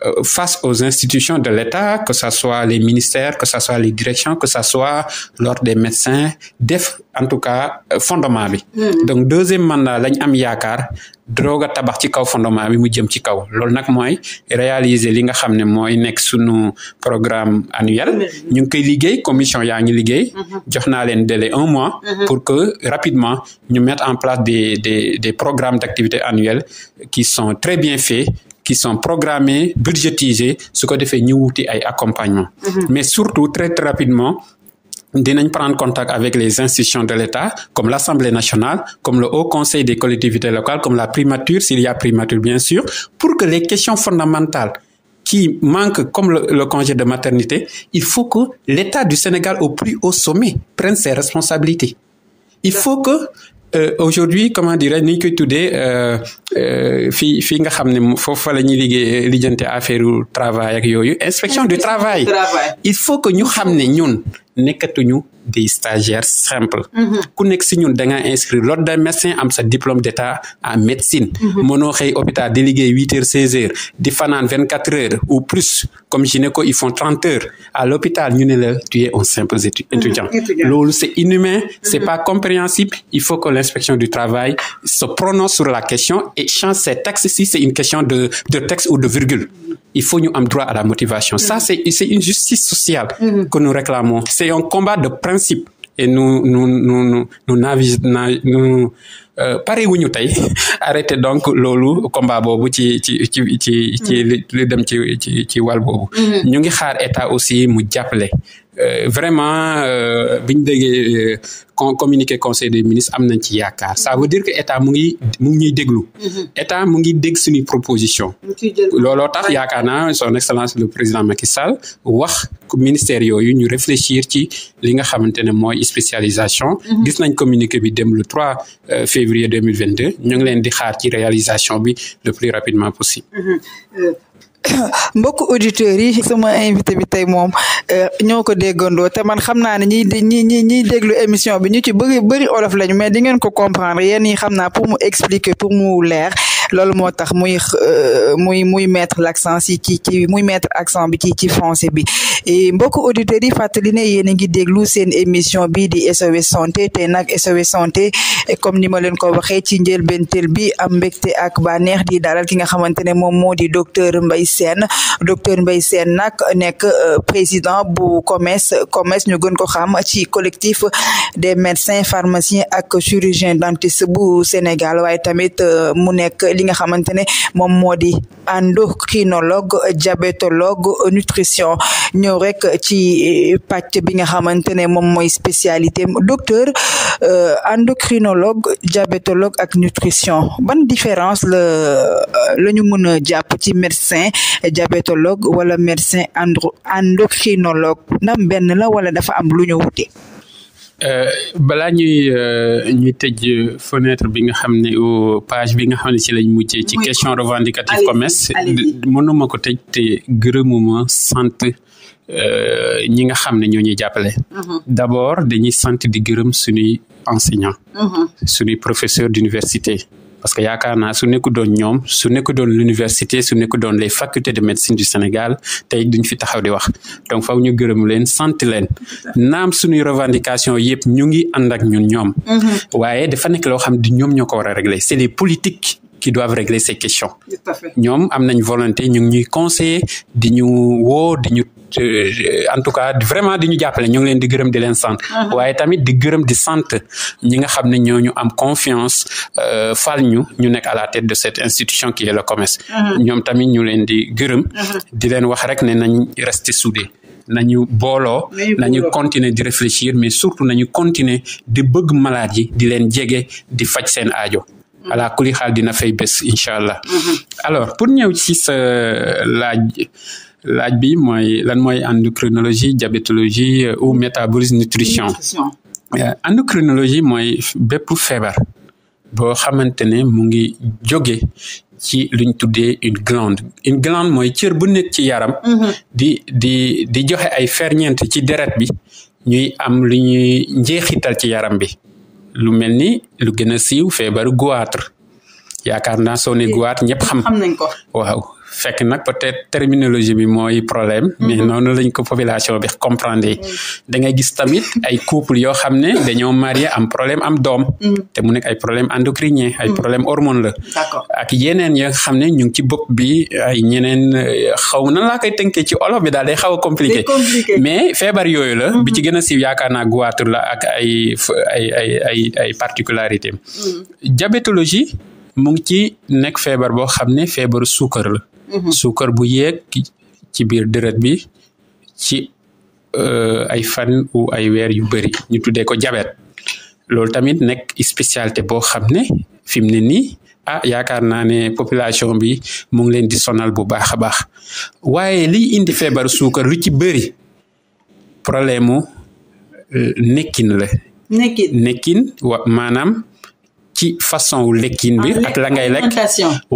Euh, face aux institutions de l'État, que ce soit les ministères, que ce soit les directions, que ce soit l'ordre des médecins, def en tout cas euh, fondement bi. Hmm. donc deuxième mandat lañ am yaakaar droga tabax ci kaw fondement bi mu jëm ci kaw loolu nag mooy réaliser li nga xam ne mooy nekk sunu programme annuel. Hmm. ñu ngi koy liggéey commission yaa ngi liggéey. Hmm. jox naa leen délai un mois. pour que rapidement ñu mettre en place des des des programmes d'activité annuels qui sont très bien faits. qui sont programmés budgétisés su ko defee ñu wuti accompagnement mhm. mais surtout très très rapidement dinañ prendre contact avec les institutions de l'État comme l'Assemblée nationale comme le Haut Conseil des collectivités locales comme la primature s'il y a primature bien sûr pour que les questions fondamentales qui manque comme le, le, congé de maternité, il faut que l'État du Sénégal au plus haut sommet prenne ses responsabilités. Il faut que Euh, aujourd'hui comment dirais ni ñu koy tuddee euh, euh, fii fii nga xam ne foofu fa la ñuy liggéey lijjante affaire travail ak yooyu. inspection du travail. il faut que ñu xam ne ñun nekkatuñu des stagiaires simples. Mhm. ku nekk si ñun da ngaa inscrire l'ordre des médecins am sa diplôme d'état en médecine. Mhm. mënoo xëy hôpital di liggéey huit heures seize heures di fanaan vingt quatre heures ou plus comme gynéco ils font heures à l'hôpital ñu ne la tu es un simple mhm. étudiant. loolu c'est inhumain c'est pas compréhensible il faut que l'inspection du travail se prononce sur la question et change ses textes si c'est une question de de texte ou de virgule il faut ñu à la motivation ça c'est c'est une sociale que nous c'est un combat de principe nu nous nous nous nous nous navis wuñu tey arrêté donc loolu combat boobu ci ci ci ci ci li dem ci ci ci wàll boobu. ñu ngi xaar état aussi mu jàppale. Euh, vraiment euh, bi ñu déggee euh, communiqué conseil des ministre am nañ ci yaakaar ça veut dire que état mu ngi mu ngi ñuy déglu. Mm-hmm. état mu ngi dégg suñuy proposition looloo tax yaakaar naa son excellence le président Macky Sall wax ministère yooyu ñu réfléchir ci li nga xamante ne mooy spécialisation. Mm-hmm. gis nañ communiqué bi dem le 3 février 2022 ñu ngi leen di xaar ci réalisation bi le plus rapidement possible. Mm-hmm. mbokk auditeurs yi sama invité bi tey moom euh, ñoo ko déggandoo te man xam naa ne ñi ñi ñi ñiy déglu émission bi ñu ci bëri bëri olof lañu mais di ngeen ko comprendre yéen ñi xam naa pour mu expliquer pour mu leer loolu moo tax muy euh, muy muy mettre l'accent si ci ci muy mettre accent bi ci ci français bi mbokk auditeurs yi fàttali ne yéen a ngi déglu seen émission bi di SOS santé te nag SOS santé comme ni ma leen ko waxee ci njëlbéentel bi am mbégte ak bànneex di dalal ki nga xamante ne moom moo di docteur mbay seen docteur mbay seen nag nekk euh, président bu COMES COMES gën ko xam ci collectif des médecins pharmaciens ak chirurgiens dentistes bu Sénégal waaye tamit euh, mu nekk li nga xamante ne moom moo di endocrinologue diabétologue nutrition ñëw rek ci eh, pàcc bi nga xamante ne moom mooy spécialité docteur euh, endocrinologue diabétologue ak nutrition ban différence la euh, la ñu mën a jàpp ci médecin diabétologue wala médecin endocrinologue na benn la wala dafa am lu ñu wute Euh, balaa ñuy euh, ñuy tëj euh, fenêtre bi nga xam ne page bi nga xam ne ci lañ mujjee ci question revendicative commerce mënuma ko tëj te gërëmuma sant ñi nga xam ne ñoo ñuy jàppale mhm. d'abord dañuy sant di gërëm suñuy enseignant mhm. suñuy professeur d'université parce que yaakaar naa su nekku doon ñoom su nekku doon l'université su nekku doon les facultés de médecine du Sénégal tey duñ fi taxaw di wax donc faw ñu gërëm leen santi leen naam suñuy revendication yëpp ñu ngi ànd ak ñun ñoom mm-hmm. waaye dafa nekk loo xam di ñoom ñoo ko war a régler c'est politique qui doivent régler ces questions. ñoom am nañ volonté ñu ngi ñuy conseiller di ñu woo di ñu euh, en tout cas vraiment di ñu jàppale ñu ngi leen di gërëm di leen sant. Uh-huh. waaye tamit di gërëm di sant ñi nga xam ne ñoo ñu am confiance euh, fal ñu ñu nekk à la tête de cette institution ki est le commerce. Uh-huh. ñoom tamit ñu leen di gërëm. Uh-huh. di leen wax rek ne nañ rester soudés. nañu booloo nañu continuer di réfléchir mais surtout nañu continuer di bëgg malade yi di leen jege di faj seen ajo ala kuli xaal dina fay bés incha allah. Mhm. alors pour ñëw ci sa laaj laaj bi mooy lan mooy endocrinologie diabétologie euh, ou métabolisme nutrition. Euh, endocrinologie mooy bépp feebar boo xamante ne mu ngi jóge ci luñ tuddee une glande une glande mooy cër bu nekk ci yaram. Mhm. di di di joxe ay ferñeent ci deret bi ñuy am lu ñuy njeexital ci yaram bi. lu mel ni lu gën a siiw feebaru goitre yaakaar naa soo ne goitre ñëpp xam. xam nañ ko waaw fekk nag peut-être terminologie bi mooy problème mais mhm. noonu lañ ko population bi comprendre yi da ngay gis tamit ay couple yoo xam ne dañoo marié am problème am doom mhm. te mu nekk ay problème endocrinien ay mhm. problème hormone la ak yeneen yoo xam ne ñu ngi ci bopp bi ay ñeneen euh, xaw nan laa koy tënkee ci olof bi daal day xaw a compliqué mais feebar yooyu la bi ci gën a siiw yaakaar naa goitre la ak ay ay ay ay ay particularité diabétologie mu ngi ci nekk feebar boo xam ne feebaru suukar la Mhm. suukar bu yéeg ci biir dërët bi ci euh, ay fan ou ay weer yu bëri ñu tuddee ko diabète loolu tamit nekk spécialité boo xam ne fi mu ne nii ah yaakaar naa ne population bi mu ngi leen di sonal bu baax a baax waaye li indi feebar suukar lu ci bëri problème mu euh, nekkin la. nekkin wa maanaam. ci façon wu lekkin bi ah, ak la ngay lekk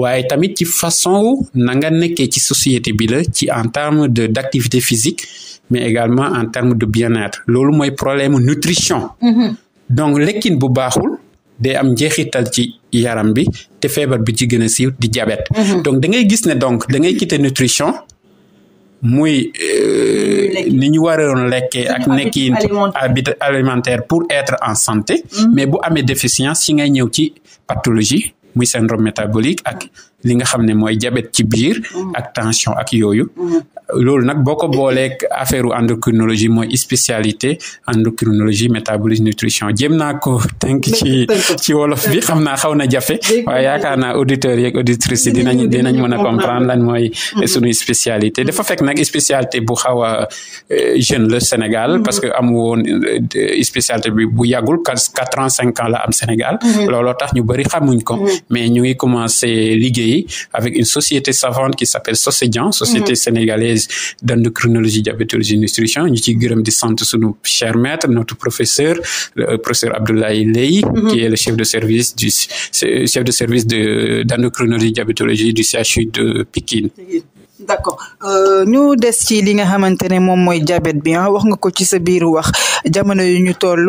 waaye tamit ci façon wu na nekkee ci société bi la ci en terme de activité physique mais également en terme de bien-être loolu mooy problème nutrition mm-hmm. donc lekkin bu baaxul day am njeexital ci yaram bi te feebar bi ci gën a siiw di diabète mm-hmm. donc da gis ne donc da ngay nutrition muy euh, ni ñu waroon lekkee ak nekkin habit alimentaire pour être en santé mm-hmm. mais bu amee déficience si ngay ñëw ci pathologie muy syndrome métabolique ak li nga xam ne mooy jabet ci biir mm-hmm. ak tension ak yooyu mm-hmm. loolu nag boo ko booleeg affaire endocrinologie mooy spécialité endocrinologie métabolisme nutrition jéem naa ko tënk ci ci wolof bi xam naa xaw na jafe waaye yaakaar naa auditeurs yeeg auditrices yi dinañ dinañ mën a comprendre lan mooy mhm. suñu spécialité mhm. dafa fekk nag spécialité bu xaw a euh, jeune le Sénégal mhm. parce que am woon euh, spécialité bi bu yàggul quatre ans cinq ans la am Sénégal looloo tax ñu bëri xamuñ ko mais ñu ngi commencé liggéey avec une société savante qui s'appelle Socédian société service d'endocrinologie diabétologie nutrition ñu ciy gërëm di sant sunu cher maître notre professeur euh, professeur Abdoulaye Leye mhm. qui est le chef de service du euh, chef de service de d'endocrinologie diabétologie du CHU de Pikine d'accord euh, ñu des ci li nga xamante ne moom mooy diabète bi ah wax nga ko ci sa biir wax jamono yu ñu toll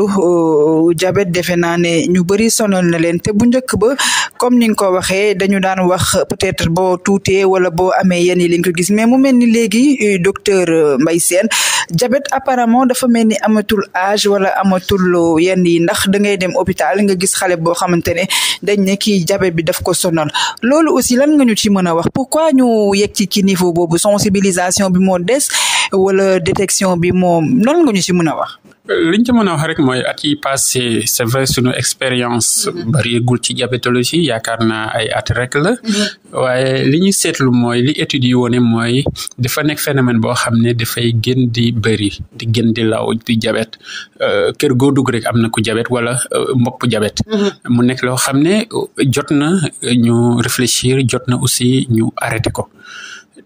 jabet euh, defe naa ne ñu bëri sonal ne leen te bu njëkk ba comme ni nga ko waxee dañu daan wax peut-être boo tuutee wala boo amee yenn yi lañ ko gis mais mu mel ni léegi euh, docteur Mbaye Sène diabète apparemment dafa mel ni amatul âge wala amatul yenn yi ndax da ngay dem hôpital nga gis xale boo xamante ne dañ ne kii diabète bi daf ko sonal loolu aussi lan nga ñu ci wax niveau boobu sensibilisation bi moo des wala détection bi moom noonu nga ñu ci mën a wax. li ñu ci mën a wax rek mooy at yi passé c'est vrai sunu expérience mhm. bariegul ci diabétologie yaakaar naa ay at rek la mhm. waaye li ñu seetlu mooy li études wone mooy dafa nekk phénomène boo xam ne dafay gën di bëri di gën di law di diabète euh, kër goo dugg rek am na ku jabet wala euh, mbopp diabète mhm. mu nekk loo xam ne jot na ñu réfléchir jot na aussi ñu arrêté ko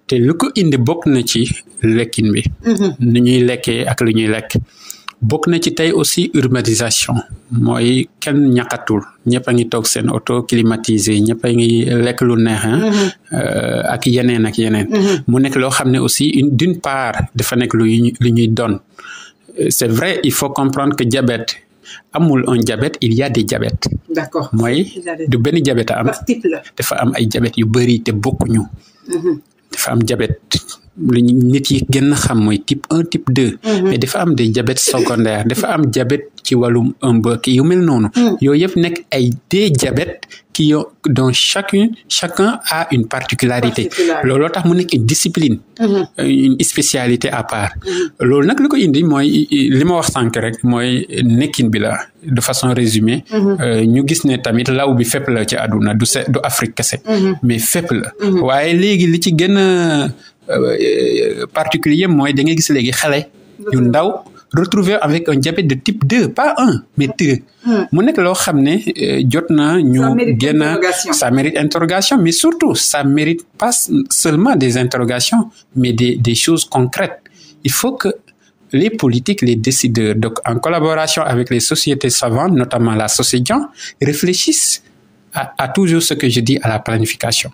te lu ko indi bokk na ci lekkin bi. Mhm. nu ñuy lekkee ak lu ñuy lekk. bokk na ci tey aussi urbanisation mooy kenn ñaqatul ñëpp a ngi toog seen auto climatisé ñëpp a ngi lekk lu neex ah. mhm. euh, ak yeneen ak yeneen mhm. mu nekk loo xam ne aussi une d'une part dafa nekk lu lu ñuy doon euh, c'est vrai il faut comprendre que diabète amul un diabète il y a des mooy du benn diabète am dafa am ay jabet yu bëri te bokkuñu dafa am diabète lu nit yi gën a xam mooy type un type deux. Mm-hmm. mais dafa am des diabètes secondaires dafa ci wàllum ëmb ki yu mel noonu hmm. yooyu yëpp nekk ay des diabètes qui ont dont chacune chacun a une particularité looloo tax mu nekk une discipline hmm. euh, une spécialité à part hmm. loolu nag li ko indi mooy li ma wax sànk rek mooy nekkin bi de façon résumée euh, ñu gis ne tamit law bi fépp la ci àdduna du se du Afrique kese mais fépp waaye léegi li ci gën a euh, particulier mooy da ngay gis léegi xale yu ndaw retrouvé avec un diabète de type 2 pas 1 mais 2. Hmm. mu nekk loo xam ne euh, jot na ñu génn ça mérite interrogation mais surtout ça mérite pas seulement des interrogations mais des des choses concrètes il faut que les politiques les décideurs donc en collaboration avec les sociétés savantes notamment la Socédian réfléchissent à, à toujours ce que je dis à la planification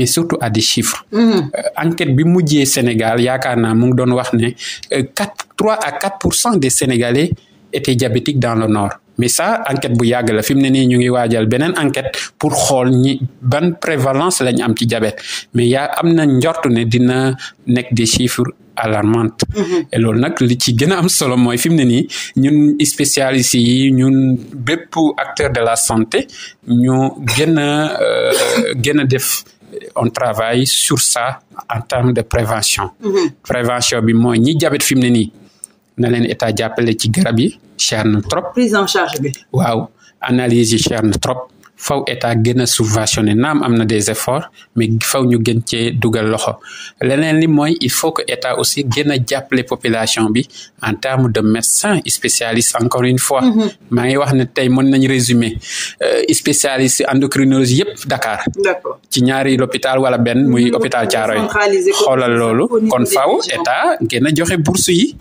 mais surtout à des chiffres. Mm-hmm. Euh, enquête bi mujjee Sénégal yaakaar naa mu ngi doon wax ne euh, quatre trois à quatre pour cent des Sénégalais étaient diabétiques dans le nord. mais sax enquête bu yàgg la fi mu ne nii ñu ngi waajal beneen enquête pour xool ñi ban prévalence lañ am ci diabète mais yaa am na njort ne dina nekk des chiffres alarmantes mm-hmm. et nag li ci gën a am solo mooy fi mu ne nii ñun spécialistes yi ñun bépp acteur de la santé ñu gën a euh, gën a def on travaille sur ça en terme de prévention. Mhm. prévention bi mooy ñi diabète fi mu ne nii na leen état jàppale ci garab yi cher na trop. prise en charge bi. waaw analyse yi cher na trop. faw état gën a ne naam am na des efforts mais faw ñu gën cee dugal loxo leneen li mooy il faut que état aussi gën a jàppale population bi en terme de médecins spécialistes encore une fois. Mm-hmm. maa ngi wax ne tey mën nañu résumer euh, spécialiste endocrinologie yëpp Dakar. ci ñaari hôpital wala benn muy mm-hmm. hôpital Thiaroye xoolal loolu kon faw état gën a joxe bourse yi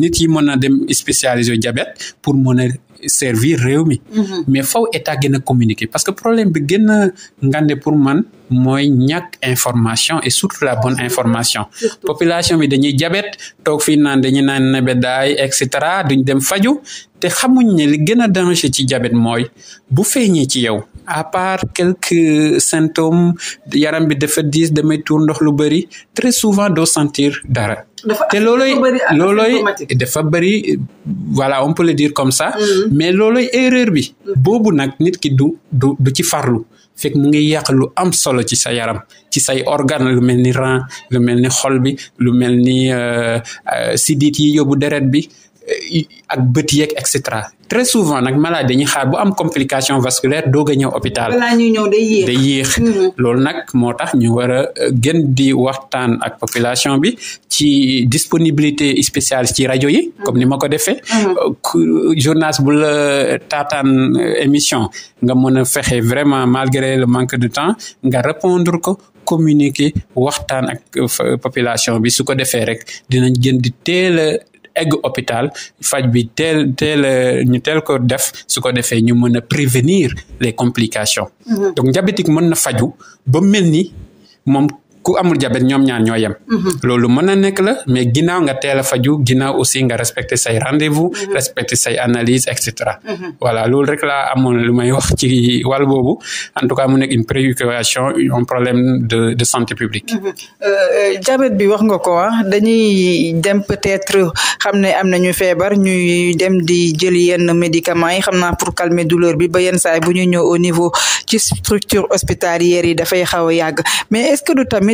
nit yi mën a dem spécialisé diabète pour mën a servir réew mi. Mhm. mais faw état gën a communiquer parce que problème bi gën a ngande pour man mooy ñàkk information et surtout la bonne information. population bi dañuy jabet toog fi naan dañuy naan nebedaay et cetera duñ dem faju te xamuñ ne li gën a danger ci jabet mooy bu feeñee ci yow à part quelques symptômes yaram bi dafa diis damay tuur ndox lu bëri très souvent doo sentir dara. te looloy looloy dafa bëri voilà on peut le dire comme ça mm-hmm. mais looloy erreur bi mm-hmm. boobu nag nit ki du du du ci farlu fekk mu ngi yàq lu am solo ci sa yaram ci say organe lu mel ni rein lu mel ni xol bi lu mel ni euh, euh, sidit yi yóbbu deret bi euh, ak bët yeeg et cetera très souvent nag malade dañuy xaar bu am complication vasculaire doog a ñëw hôpital. balaa ñuy ñëw day mm-hmm. loolu nag moo tax ñu war a euh, gën di waxtaan ak population bi ci disponibilité spécialiste ci rajo yi. Mm-hmm. comme ni ma ko defee. Mm-hmm. Euh, journaliste bu la taataan euh, émission nga mën a fexe vraiment malgré le manque de temps nga répondre ko. communiquer waxtaan ak population bi su ko defee rek dinañ gën di egg hôpital faj bi teel teel euh, ñu teel ko def su ko defee ñu mën a prévenir les complications. Mhm. donc diabétique mën na faju ba mel ni moom ku amul jabet ñoom ñaar ñoo yem mhm. loolu mën na nekk la mais ginnaaw nga teel a faju ginnaaw aussi nga respecter say rendez-vous mhm. respecter say analyse et cetera mhm. voilà loolu rek laa amoon lu may wax ci wàll boobu en tout cas mu nekk une préoccupation un problème de de santé publique jabet euh, euh, bi wax nga ko ah dañuy dem peut-être xam ne am nañu feebar ñuy dem di jël yenn médicament yi xam naa pour calmer douleur bi ba yenn saay bu ñuy ñëw au niveau ci structure hospitalière yi dafay xaw a yàgg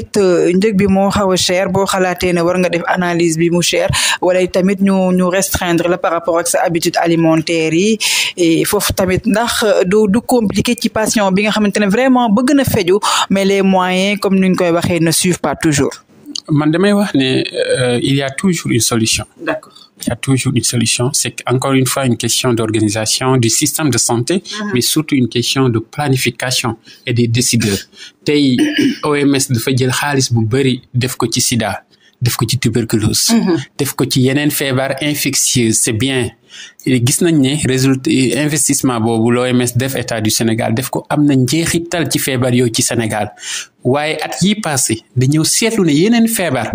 tamit euh, njëg bi moo xaw cher boo xalaatee ne war nga def analyse bi mu cher wala tamit ñu ñu restreindre la par rapport ak sa habitude alimentaire yi foofu tamit ndax euh, du du compliqué ci patient bi nga xamante ne vraiment bëgg na feju mais les moyens comme ni ñu koy waxee ne suivent pas toujours man damay wax ne euh, il y toujours une solution. D'accord. Il y a toujours une solution. C'est encore une fois une question d'organisation du système de santé, mm -hmm. mais surtout une question de planification et des décideurs. tey OMS dafa jël xaalis bu bari def ko ci sida. def ko ci tuberculose. Mhm. def ko ci yeneen feebar infectieuse c'est bien. gis nañ ne résultat investissement boobu looy l'OMS def état du Sénégal def ko am na njeexital ci feebar yooyu ci Sénégal waaye at yi passé ñëw seetlu ne yeneen feebar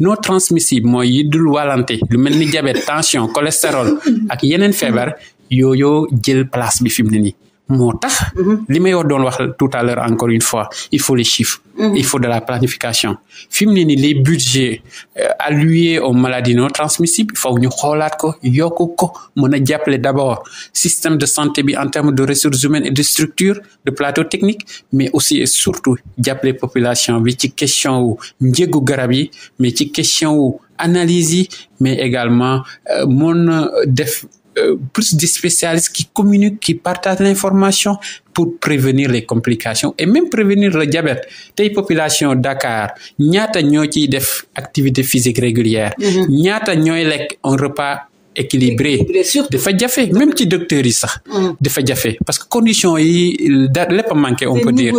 non transmissible mooy yi dul wàllante lu mel ni diabète tension cholestérol ak yeneen feebar yooyu jël place bi fi mu ne nii moo tax mhm. li may doon wax tout à l'heure encore une fois il faut les chiffres mhm. il faut de la planification fi mu ne ni les budgets euh, alloués aux maladies non transmissibles foog ñu xoolaat ko yokku ko mën a jàppale d'abord système de santé bi en terme de ressources humaines et de structure de plateau technique mais aussi et surtout jàppale population bi ci question wu njëgu garab yi mais ci question wu analyse yi mais également euh, moon a def euh, plus de spécialistes qui communiquent, qui partagent l'information pour prévenir les complications et même prévenir le diabète. tey population Dakar ñaata ñoo ciy def activités physique régulière. Mm-hmm. ñaata ñooy lekk repas. équilibré dafa jafe même ci docteurs yi sax mm. dafa jafe parce que condition yi da lépp a manqué on peut dire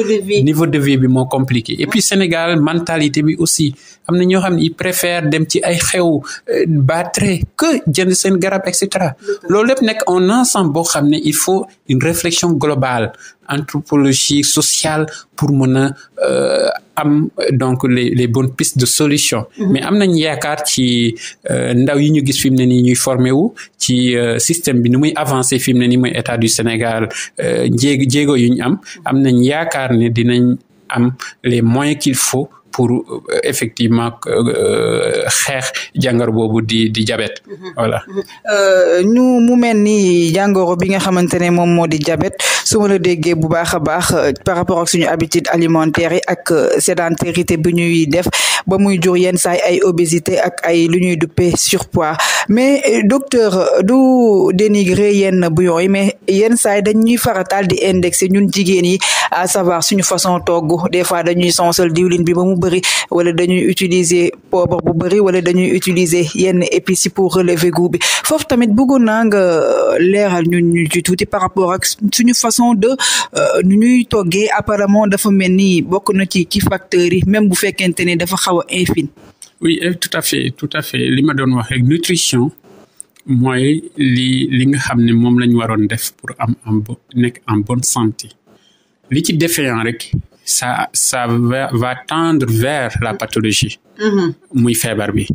niveau de vie bi moo compliqué et puis Sénégal mentalité bi aussi am na ñoo xam ne ils préfèrent dem ci ay xew euh, battre que jënd seen garab et cetera loolu lépp nekk un ensemble boo xam ne il faut une réflexion globale anthropologie sociale pour mën a euh, am donc les les bonnes pistes de solution mhm. mais am nañ yaakaar ci euh, ndaw yi ñu gis fi mu ne nii ñuy formé wu ci euh, système bi nu muy avancé fi mu ne nii mooy état du Sénégal jéeg jéego yu ñu am mhm. am nañ yaakaar ne dinañ am les moyens qu'il faut pour euh, effectivement euh, xeex jàngoro boobu di di diabète mm-hmm. mm-hmm. voilà. Euh, ñu mu mel ni jàngoro bi nga xamante ne moom moo di jabet su ma la déggee bu baax a baax par rapport ak suñu habitude alimentaire yi ak sédentarité bi ñuy def ba muy jur yenn saay ay obésité ak ay lu ñuy duppee surpoids mais docteur du dénigrer yenn bouillon yi mais yenn saay dañuy farataal di indexé ñun jigéen yi à savoir suñu façon togg des dañuy sonsal diwlin bi ba bëri wala dañuy utiliser poobar bu bëri wala dañuy utiliser yenn épices yi pour relever goût bi foofu tamit bëggoon naa nga euh, leeral ñun ñu tuuti par rapport ak suñu façon de euh, nu ñuy toggee apparemment dafa mel ni bokk na ci ci facteurs yi même bu fekkente ne dafa xaw a infime. oui euh, tout a fait tout à fait li ma doon wax rek nutrition mooy li li nga xam ne moom lañu waroon def pour am am nekk en bonne santé li ci défaillant rek sa ça va, va tendre vers la pathologie. Mm-hmm. muy feebar bi.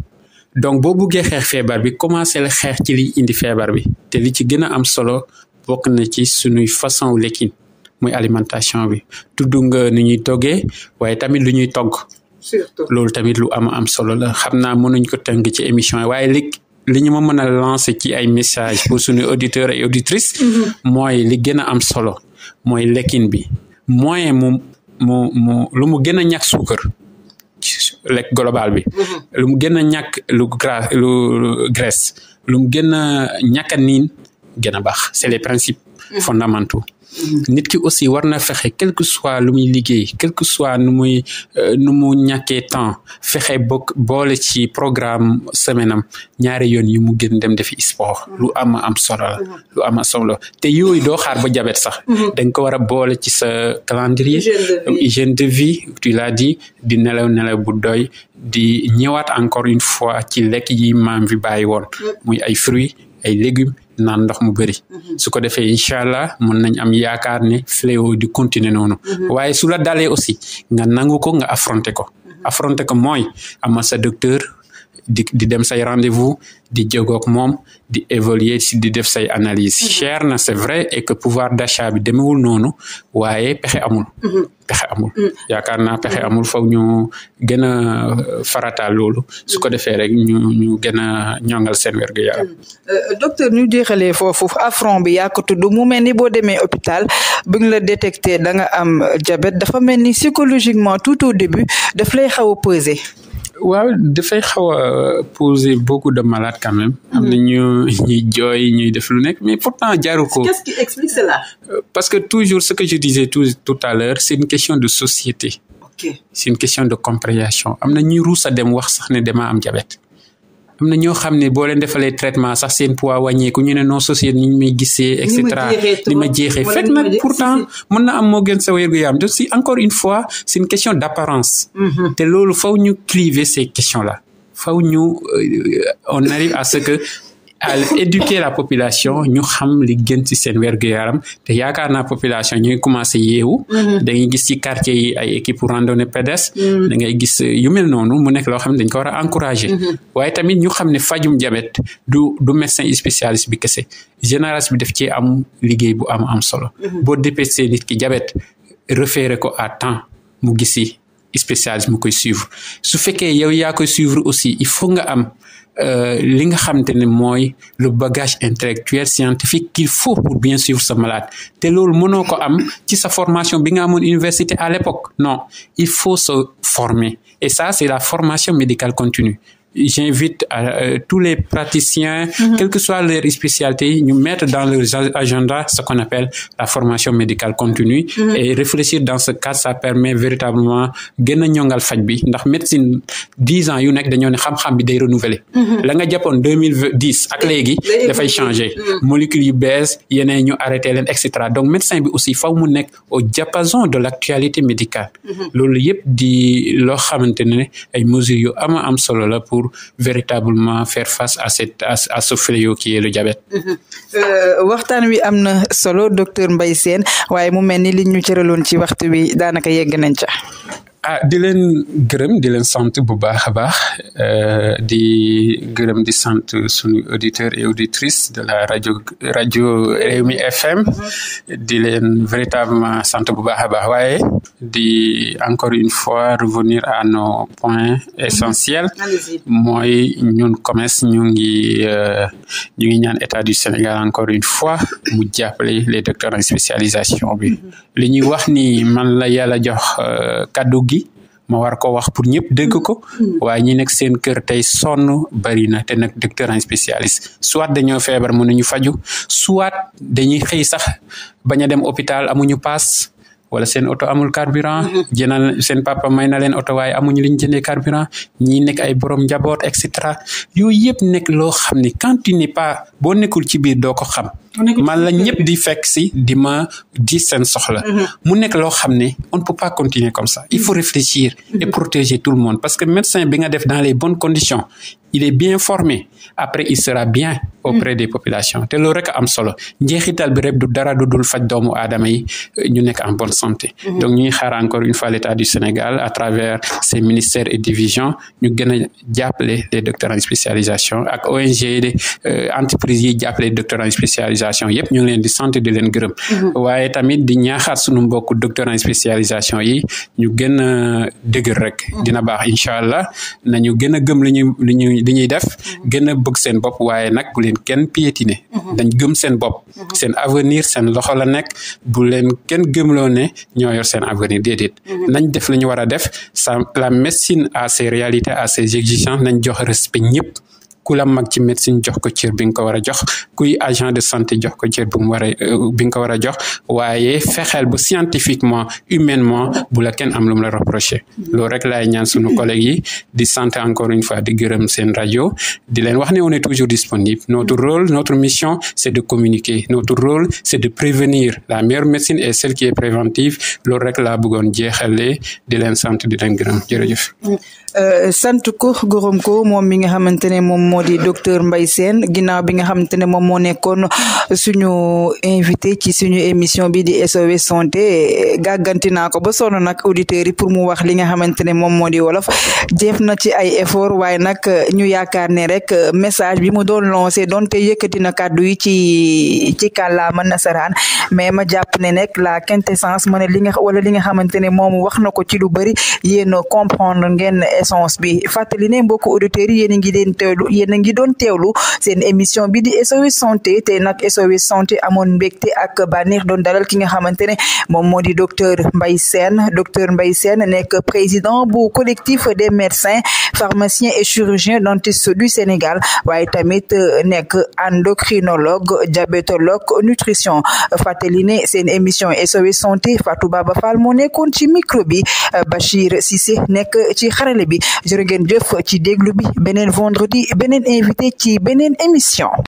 donc boo buggee xeex feebar bi commencé la xeex ci liy indi feebar bi te li ci gën a am solo bokk na ci suñuy façon lekkin muy alimentation bi tudd nga nu ñuy toggee waaye tamit lu ñuy togg. surtout loolu tamit lu am am solo la xam naa mënuñ ko tënk ci émission waaye li li ñu ma mën a lancer ci ay message pour suñuy auditeurs et auditrices. Mm-hmm. mooy li gën a am solo mooy lekkin bi moyen mu mu mu lu mu gën a ñàkk suukar ci lekk global bi. Mm-hmm. lu mu gën a ñàkk lu gras lu graisse lu mu gën a ñàkk niin gën a baax c'est les principes mm-hmm. fondamentaux. nit ki aussi war na fexe quel soit lu muy liggéey quel que nu muy euh, nu mu ñàkkee temps fexe bokk boole ci programme semaine am ñaari yoon yu mu gën dem defi sport lu am am solo lu am am solo te yooyu doo xaar ba jabet sax mhm. da nga ko war a boole ci sa calendrier hygiène de vie tu l'as di nelaw nelaw bu doy di ñëwaat encore une fois ci lekk yi maam bi bàyyi woon mhm. muy ay fruits ay légumes naan ndox mu bëri mhm. su ko defee incha allah mën nañ am yaakaar ne fléau di continuer noonu mhm. waaye su la dalee aussi nga nangu ko nga affronter ko mhm. affronter ko mooy ama sa docteur di di dem say rendez-vous di jógoog moom di évoluer si di def say analyse mm-hmm. cher na c'est vrai et que pouvoir d'achat bi demewul noonu waaye pexe amul mm-hmm. pexe amul mm-hmm. yaakaar naa pexe amul foog ñu gën a euh, farataal loolu su ko defee rek ñu ñu gën a ñongal seen wérgu yaram euh, euh, docteur ñu jeexalee foofu afron bi yaa ko tudd mu mel ni boo demee hôpital bu ñu la détecté da nga am jabet dafa mel ni psychologiquement tout au début daf lay xaw a peser waaw dafay xaw a euh, poser beaucoup de malades quand mhm. am na ñu ñuy jooy ñuy def lu nekk mais pourtant jaru ko. Euh, parce que toujours ce que je disais tout à l'heure c'est une question de société. ok c'est une question de compréhension am na ñuy ruus a dem wax sax ne damaa am jabet am na ñoo xam ne boo leen defalee traitement sax seen poids wàññeeku ñu ne non société ñu may gisee et cetera ni ma jeexee fekk nag pourtant mën na am moo gën sa wér-gu-yaram donc si encore une fois c'est une question d'apparence mm-hmm. te loolu faw ñu cliver ces questions là faw ñu euh, on arrive à ce que à éduquer la population ñu xam li gën ci seen wergu yaram te yaakaar naa population ñuy commencé yeewu. Mm-hmm. da ngay gis ci quartier yi ay équipe randonnée pédestre. Mm-hmm. da ngay gis euh, yu mel noonu mu nekk loo xam ne dañ ko war a encourager. Mm-hmm. waaye tamit ñu xam ne fajum diabète du du médecin spécialiste bi kese généraliste bi def ci am liggéey bu am am solo. boo dépensé nit ki jabet référé ko à temps mu gisi spécialiste mu koy suivre su fekkee yow koy suivre aussi il faut nga am. Euh, li nga xamante ne mooy le bagage intellectuel scientifique qu'il faut pour bien suivre sa malade te loolu mënoo ko am ci sa formation bi nga amoon université à l'époque non il faut se former et ça c'est la formation médicale continue j'invite à, euh, euh, tous les praticiens, mmh. quelle que soit leur spécialité, nous mettre dans leur agenda ce qu'on appelle la formation médicale continue mhm. et réfléchir dans ce cadre permet véritablement gën a ñongal faj bi ndax médecine dix ans yu nekk dañoo ne xam-xam bi day renouveler mhm. la nga ak léegi dafay changer mhm. molécules yu bees yeneen ñu arrêté leen et cetera donc médecin bi aussi faw mu nekk au diapason de l'actualité médicale loolu yëpp di loo xamante ne ay pour véritablement faire face à cette à, à ce fléau euh, waxtaan wi am na solo docteur mbay seen waaye mu mel ni li ñu cëraloon ci waxtu wi daanaka yegg nañ ca. ah di leen gërëm di leen sant bu baax a baax euh, di gërëm di sant suñu auditeurs et auditrices de la rajo rajo Rewmi FM di leen véritablement sant bu baax a baax waaye di encore une fois revenir à no points essentiels mm-hmm. mooy ñun commerce ñu ngi euh, ñu ngi ñaan état du Sénégal encore une fois mu jàppale le docteurs en spécialisation bi mm-hmm. li wax ni man la yàlla jox euh, kaddu ma war ko wax pour ñëpp dégg ko mm-hmm. waaye ñi nekk seen kër tey sonn bari na te nag docteur en spécialiste soit dañoo feebar mënuñu faju soit dañuy xëy sax bañ a dem hôpital amuñu paas wala seen oto amul carburant mhm. jënal seen papa may na leen oto waaye amuñu liñ jëndee carburant ñi nekk ay boroom njaboot et cetera yooyu yëpp nekk loo xam ne quand tu n'es pas boo nekkul ci biir doo ko xam man la ñëpp di fekk si di ma di seen soxla mhm. mu nekk loo xam ne on ne peut pas continuer comme ça il faut réfléchir mhm. et protéger tout le monde parce que médecin bi nga def dans les bonnes conditions il est bien formé après il sera bien auprès des population te loolu rek am solo njeexital bi rek du dara du dul faj doomu aadama yi santé. Mhm. donc ñuy xaar encore une fois du Sénégal à travers se ministère et divisions ñu gën a jàppale les docteurs spécialisation ak ONG euh, entreprise entreprises yi jàppale docteurs en spécialisation yëpp ñu ngi leen di sant di leen gërëm. Mhm. waaye tamit di ñaaxaat sunu mbokku docteurs en spécialisation yi ñu gën a dëgër rek. Mhm. dina baax incha allah nañu gën a gëm li ñuy li ñuy li ñuy def gën a bëgg seen bopp waaye nag bu leen kenn piétiner dañ gëm seen bopp seen avenir seen loxo nekk bu leen kenn gëmloo ne ñoo yor seen avenir déedéet mhm. nañ def li ñu war a def sa la médecine à ses réalités à ses exigences nañ jox respect ñëpp ku la mag ci médecine jox ko cër bi ko war a jox kuy agent de santé jox ko cër bu mu a euh, bi nga ko war a jox waaye fexeel bu scientifiquement humainement bu la kenn am lu mu la reproché loolu rek laay ñaan suñu collègues yi di santé encore une fois di gërëm seen rajo di leen wax ne on est toujours disponible notre rôle notre mission c'est de communiquer notre rôle c'est de prévenir la meilleure médecine est celle qui est préventive loolu rek laa bëggoon le di leen sant di leen gërëm jërëjëf euh, sant moo di docteur Mbaye Sène ginnaaw bi nga xamante moom moo ci suñu émission bi di SOS santé gàgganti naa ko ba sonn nag auditeurs yi pour mu wax li nga xamante ne moom moo di wolof jëf na ci ay effort waay nag ñu yaakaar ne rek message bi mu doon lancé donte yëkkati na kaddu yi ci ci kàllaama nasaraan mais ma jàpp ne nag la quintessence ma ne li nga wala li nga xamante ne moom wax na ko ci lu bëri yéen comprendre ngeen essence bi fàttali ne mbokku auditeurs yi yéen a ngi yéen a ngi doon teewlu seen émission bi di SOS santé te nag SOS santé amoon mbégte ak bànneex doon dalal ki nga xamante ne moom moo di docteur mbay seen docteur Mbaye Sène nekk président bu collectif des médecins pharmaciens et chirurgiens dentistes du Sénégal waaye tamit euh, nekk endocrinologue diabétologue nutrition fàttali ne seen émission SOS santé Fatou Baba Fall moo nekkoon ci micro bi Bachir Cissé nekk ci xarale bi jërë ngeen ci déglu bi beneen vendredi beneen invité ci beneen émission